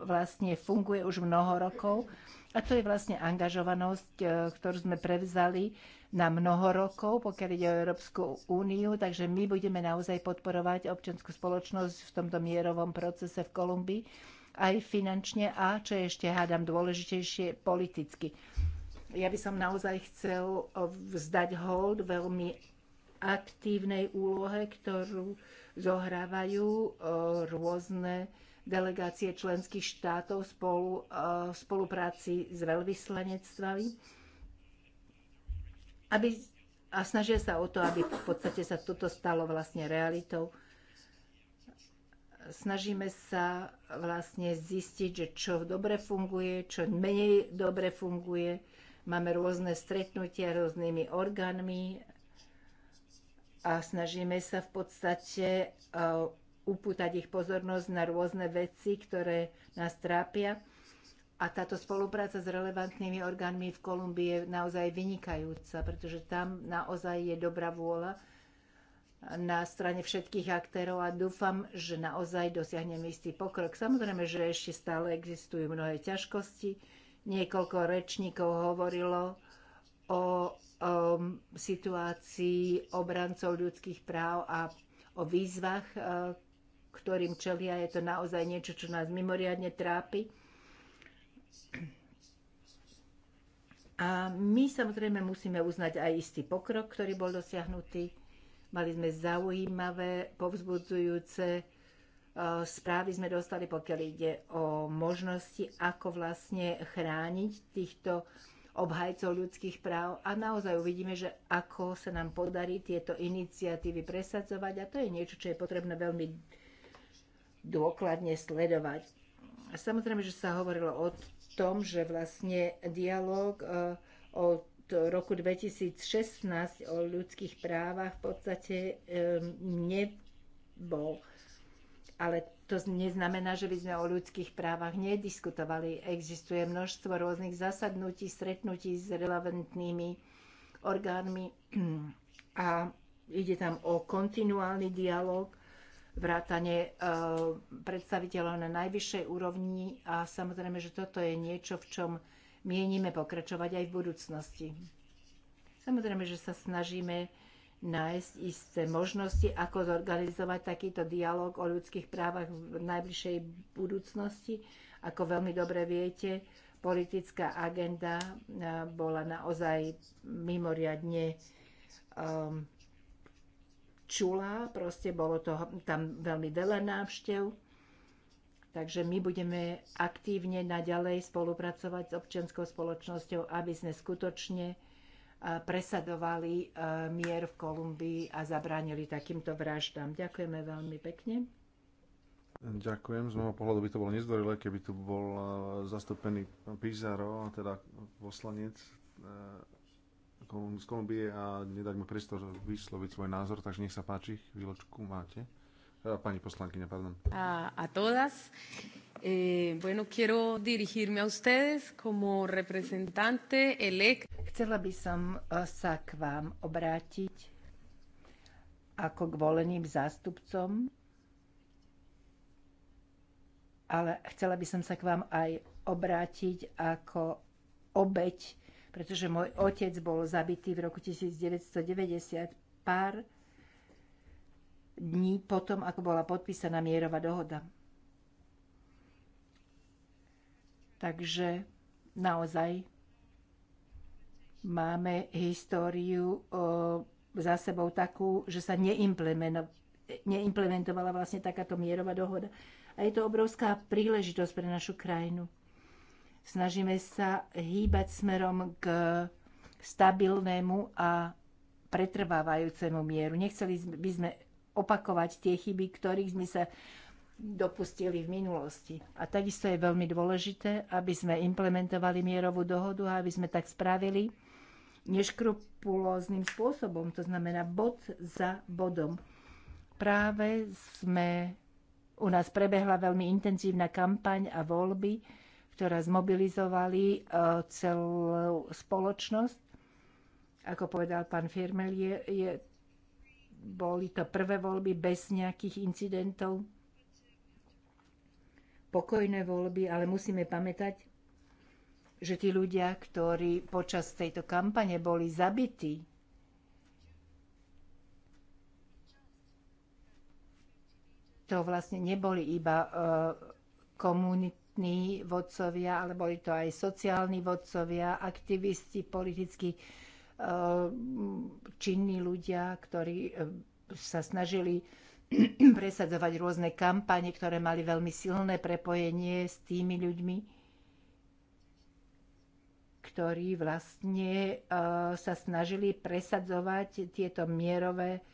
vlastne funguje už mnoho rokov a to je vlastne angažovanosť, e, ktorú sme prevzali na mnoho rokov, pokiaľ ide o Európsku úniu, takže my budeme naozaj podporovať občianskú spoločnosť v tomto mierovom procese v Kolumbii aj finančne a, čo je ešte hádam dôležitejšie, politicky. Ja by som naozaj chcel vzdať hold veľmi aktívnej úlohe, ktorú zohrávajú e, rôzne delegácie členských štátov spolu, e, v spolupráci s veľvyslanectvami aby, a snažia sa o to, aby v podstate sa toto stalo vlastne realitou snažíme sa vlastne zistiť, že čo dobre funguje, čo menej dobre funguje. Máme rôzne stretnutia rôznymi orgánmi a snažíme sa v podstate e, upútať ich pozornosť na rôzne veci, ktoré nás trápia. A táto spolupráca s relevantnými orgánmi v Kolumbii je naozaj vynikajúca, pretože tam naozaj je dobrá vôľa na strane všetkých aktérov a dúfam, že naozaj dosiahneme istý pokrok. Samozrejme, že ešte stále existujú mnohé ťažkosti. Niekoľko rečníkov hovorilo o, o situácii obrancov ľudských práv a o výzvach, e, ktorým čelia. Je to naozaj niečo, čo nás mimoriadne trápi. A my samozrejme musíme uznať aj istý pokrok, ktorý bol dosiahnutý Mali sme zaujímavé, povzbudzujúce e, správy sme dostali, pokiaľ ide o možnosti, ako vlastne chrániť týchto obhajcov ľudských práv a naozaj uvidíme, že ako sa nám podarí tieto iniciatívy presadzovať a to je niečo, čo je potrebné veľmi dôkladne sledovať. Samozrejme, že sa hovorilo o tom, že vlastne dialog e, o roku 2016 o ľudských právach v podstate nebol. Ale to neznamená, že by sme o ľudských právach nediskutovali. Existuje množstvo rôznych zasadnutí, stretnutí s relevantnými orgánmi a ide tam o kontinuálny dialog, vrátane eh, predstaviteľov na najvyššej úrovni a samozrejme, že toto je niečo, v čom mienime pokračovať aj v budúcnosti. Samozrejme, že sa snažíme nájsť isté možnosti, ako zorganizovať takýto dialog o ľudských právach v najbližšej budúcnosti. Ako veľmi dobre viete, politická agenda eh, bola naozaj mimoriadne um, proste bolo to, hm, tam veľmi veľa návštev Takže my budeme aktívne naďalej spolupracovať s občianskou spoločnosťou, aby sme skutočne e, presadovali e, mier v Kolumbii a zabránili takýmto vraždám. Ďakujeme veľmi pekne. Ďakujem. Z môjho pohľadu by to bolo nezdvorilé, keby tu bol e, zastúpený Pizarro, teda poslanec z Kolumbie a nedať mu priestor vysloviť svoj názor, takže nech sa páči, chvíľočku máte. Eh, pani poslankyňa, pardon. A, a todas. Eh, bueno, quiero dirigirme a ustedes como representante elect. Chcela by som eh, sa k vám obrátiť ako k voleným zástupcom, ale chcela by som sa k vám aj obrátiť ako obeď, pretože môj otec bol zabitý v roku 1990 pár dní potom, ako bola podpísaná mierová dohoda. Takže naozaj máme históriu za sebou takú, že sa neimplementovala vlastne takáto mierová dohoda. A je to obrovská príležitosť pre našu krajinu. Snažíme sa hýbať smerom k stabilnému a pretrvávajúcemu mieru. Nechceli by sme opakovať tie chyby, ktorých sme sa dopustili v minulosti. A takisto je veľmi dôležité, aby sme implementovali mierovú dohodu a aby sme tak spravili neškrupulóznym spôsobom, to znamená bod za bodom. Práve sme, u nás prebehla veľmi intenzívna kampaň a voľby, ktorá zmobilizovali e, celú spoločnosť. Ako povedal pán Firmel, je, je boli to prvé voľby bez nejakých incidentov, pokojné voľby, ale musíme pamätať, že tí ľudia, ktorí počas tejto kampane boli zabití, to vlastne neboli iba e, komunitní vodcovia, ale boli to aj sociálni vodcovia, aktivisti, politickí Eh, činní ľudia, ktorí eh, sa snažili presadzovať rôzne kampane, ktoré mali veľmi silné prepojenie s tými ľuďmi, ktorí vlastne eh, sa snažili presadzovať tieto mierové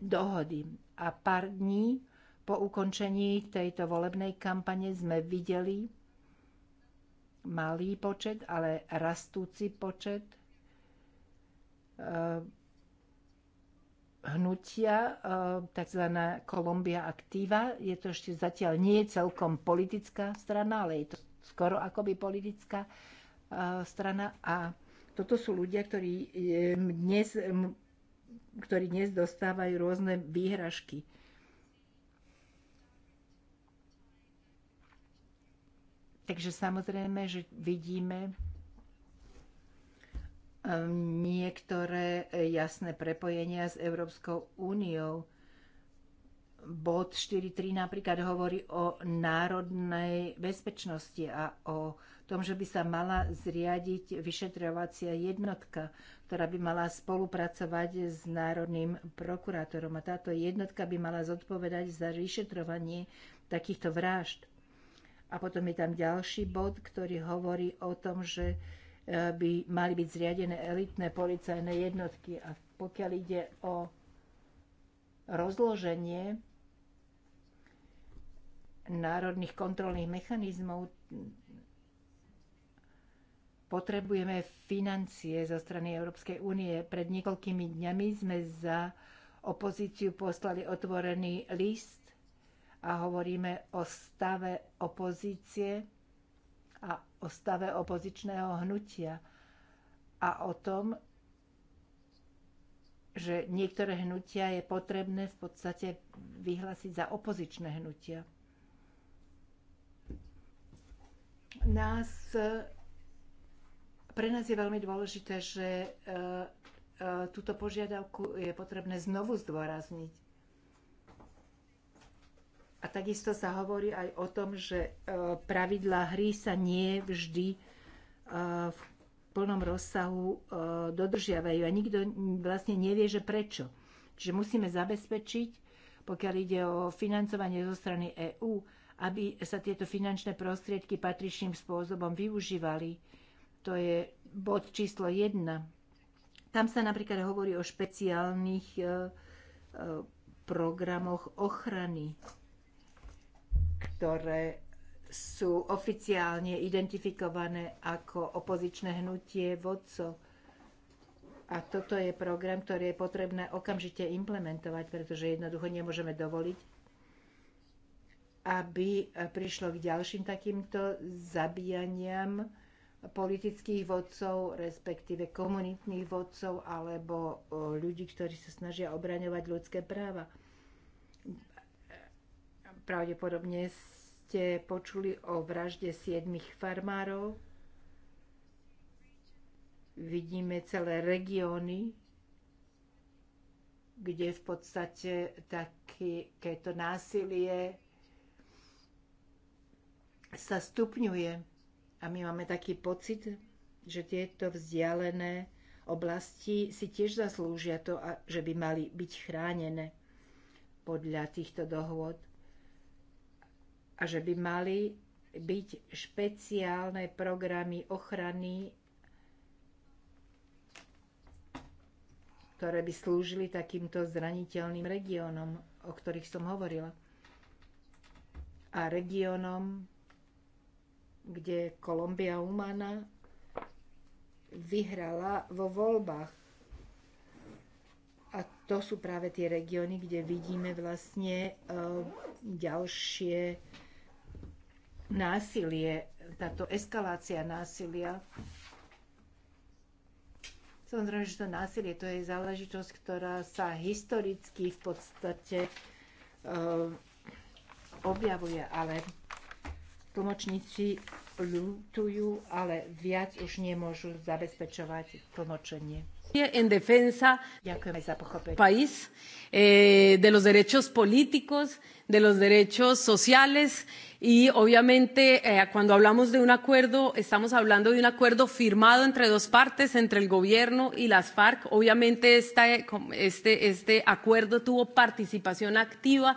dohody. A pár dní po ukončení tejto volebnej kampane sme videli, malý počet, ale rastúci počet eh, hnutia, eh, tzv. Kolumbia Aktíva. Je to ešte zatiaľ nie je celkom politická strana, ale je to skoro akoby politická eh, strana. A toto sú ľudia, ktorí dnes, ktorí dnes dostávajú rôzne výhražky Takže samozrejme, že vidíme ehm, niektoré e, jasné prepojenia s Európskou úniou. Bod 4.3 napríklad hovorí o národnej bezpečnosti a o tom, že by sa mala zriadiť vyšetrovacia jednotka, ktorá by mala spolupracovať s národným prokurátorom. A táto jednotka by mala zodpovedať za vyšetrovanie takýchto vražd. A potom je tam ďalší bod, ktorý hovorí o tom, že e, by mali byť zriadené elitné policajné jednotky. A pokiaľ ide o rozloženie národných kontrolných mechanizmov, potrebujeme financie zo strany Európskej únie. Pred niekoľkými dňami sme za opozíciu poslali otvorený list a hovoríme o stave opozície a o stave opozičného hnutia a o tom, že niektoré hnutia je potrebné v podstate vyhlásiť za opozičné hnutia. Nás, pre nás je veľmi dôležité, že e, e, túto požiadavku je potrebné znovu zdôrazniť a takisto sa hovorí aj o tom, že e, pravidlá hry sa nie vždy e, v plnom rozsahu e, dodržiavajú a nikto vlastne nevie, že prečo. Čiže musíme zabezpečiť, pokiaľ ide o financovanie zo strany EÚ, aby sa tieto finančné prostriedky patričným spôsobom využívali. To je bod číslo 1. Tam sa napríklad hovorí o špeciálnych programoch ochrany ktoré sú oficiálne identifikované ako opozičné hnutie vodco. A toto je program, ktorý je potrebné okamžite implementovať, pretože jednoducho nemôžeme dovoliť, aby prišlo k ďalším takýmto zabíjaniam politických vodcov, respektíve komunitných vodcov alebo ľudí, ktorí sa snažia obraňovať ľudské práva. Pravdepodobne ste počuli o vražde siedmých farmárov. Vidíme celé regióny, kde v podstate takéto násilie sa stupňuje. A my máme taký pocit, že tieto vzdialené oblasti si tiež zaslúžia to, že by mali byť chránené podľa týchto dohôd a že by mali byť špeciálne programy ochrany, ktoré by slúžili takýmto zraniteľným regiónom, o ktorých som hovorila. A regiónom, kde Kolumbia Humana vyhrala vo voľbách. A to sú práve tie regióny, kde vidíme vlastne eh, ďalšie násilie, táto eskalácia násilia. Samozrejme, že to násilie to je záležitosť, ktorá sa historicky v podstate eh, objavuje, ale tlmočníci ľutujú, ale viac už nemôžu zabezpečovať tlmočenie. En defensa país eh, de los derechos políticos, de los derechos sociales y obviamente eh, cuando hablamos de un acuerdo estamos hablando de un acuerdo firmado entre dos partes, entre el gobierno y las FARC. Obviamente esta, eh, este, este acuerdo tuvo participación activa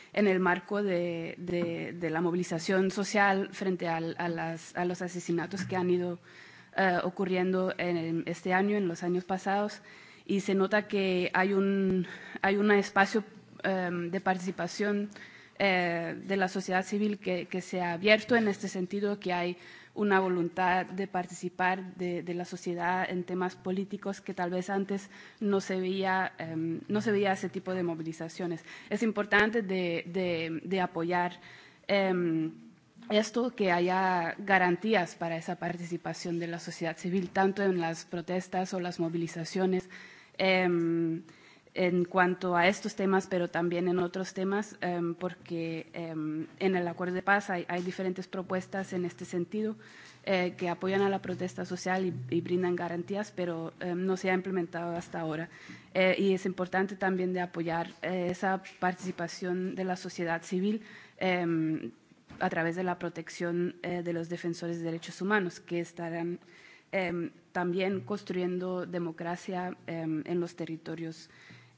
en el marco de, de, de la movilización social frente al, a, las, a los asesinatos que han ido uh, ocurriendo en este año, en los años pasados, y se nota que hay un, hay un espacio um, de participación uh, eh, de la sociedad civil que, que se ha abierto en este sentido, que hay una voluntad de participar de, de la sociedad en temas políticos que tal vez antes no se veía, eh, no se veía ese tipo de movilizaciones. Es importante de, de, de apoyar eh, esto, que haya garantías para esa participación de la sociedad civil, tanto en las protestas o las movilizaciones. Eh, en cuanto a estos temas, pero también en otros temas, um, porque um, en el acuerdo de paz hay, hay diferentes propuestas en este sentido eh, que apoyan a la protesta social y, y brindan garantías, pero um, no se ha implementado hasta ahora. Eh, y es importante también de apoyar eh, esa participación de la sociedad civil eh, a través de la protección eh, de los defensores de derechos humanos, que estarán eh, también construyendo democracia eh, en los territorios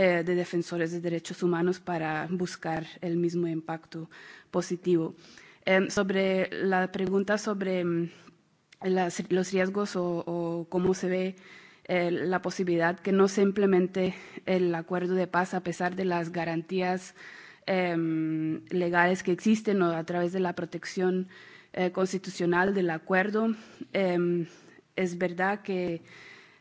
eh, de defensores de derechos humanos para buscar el mismo impacto positivo. Eh, sobre la pregunta sobre mm, las, los riesgos o, o cómo se ve eh, la posibilidad que no se implemente el acuerdo de paz a pesar de las garantías eh, legales que existen o a través de la protección eh, constitucional del acuerdo. Eh, es verdad que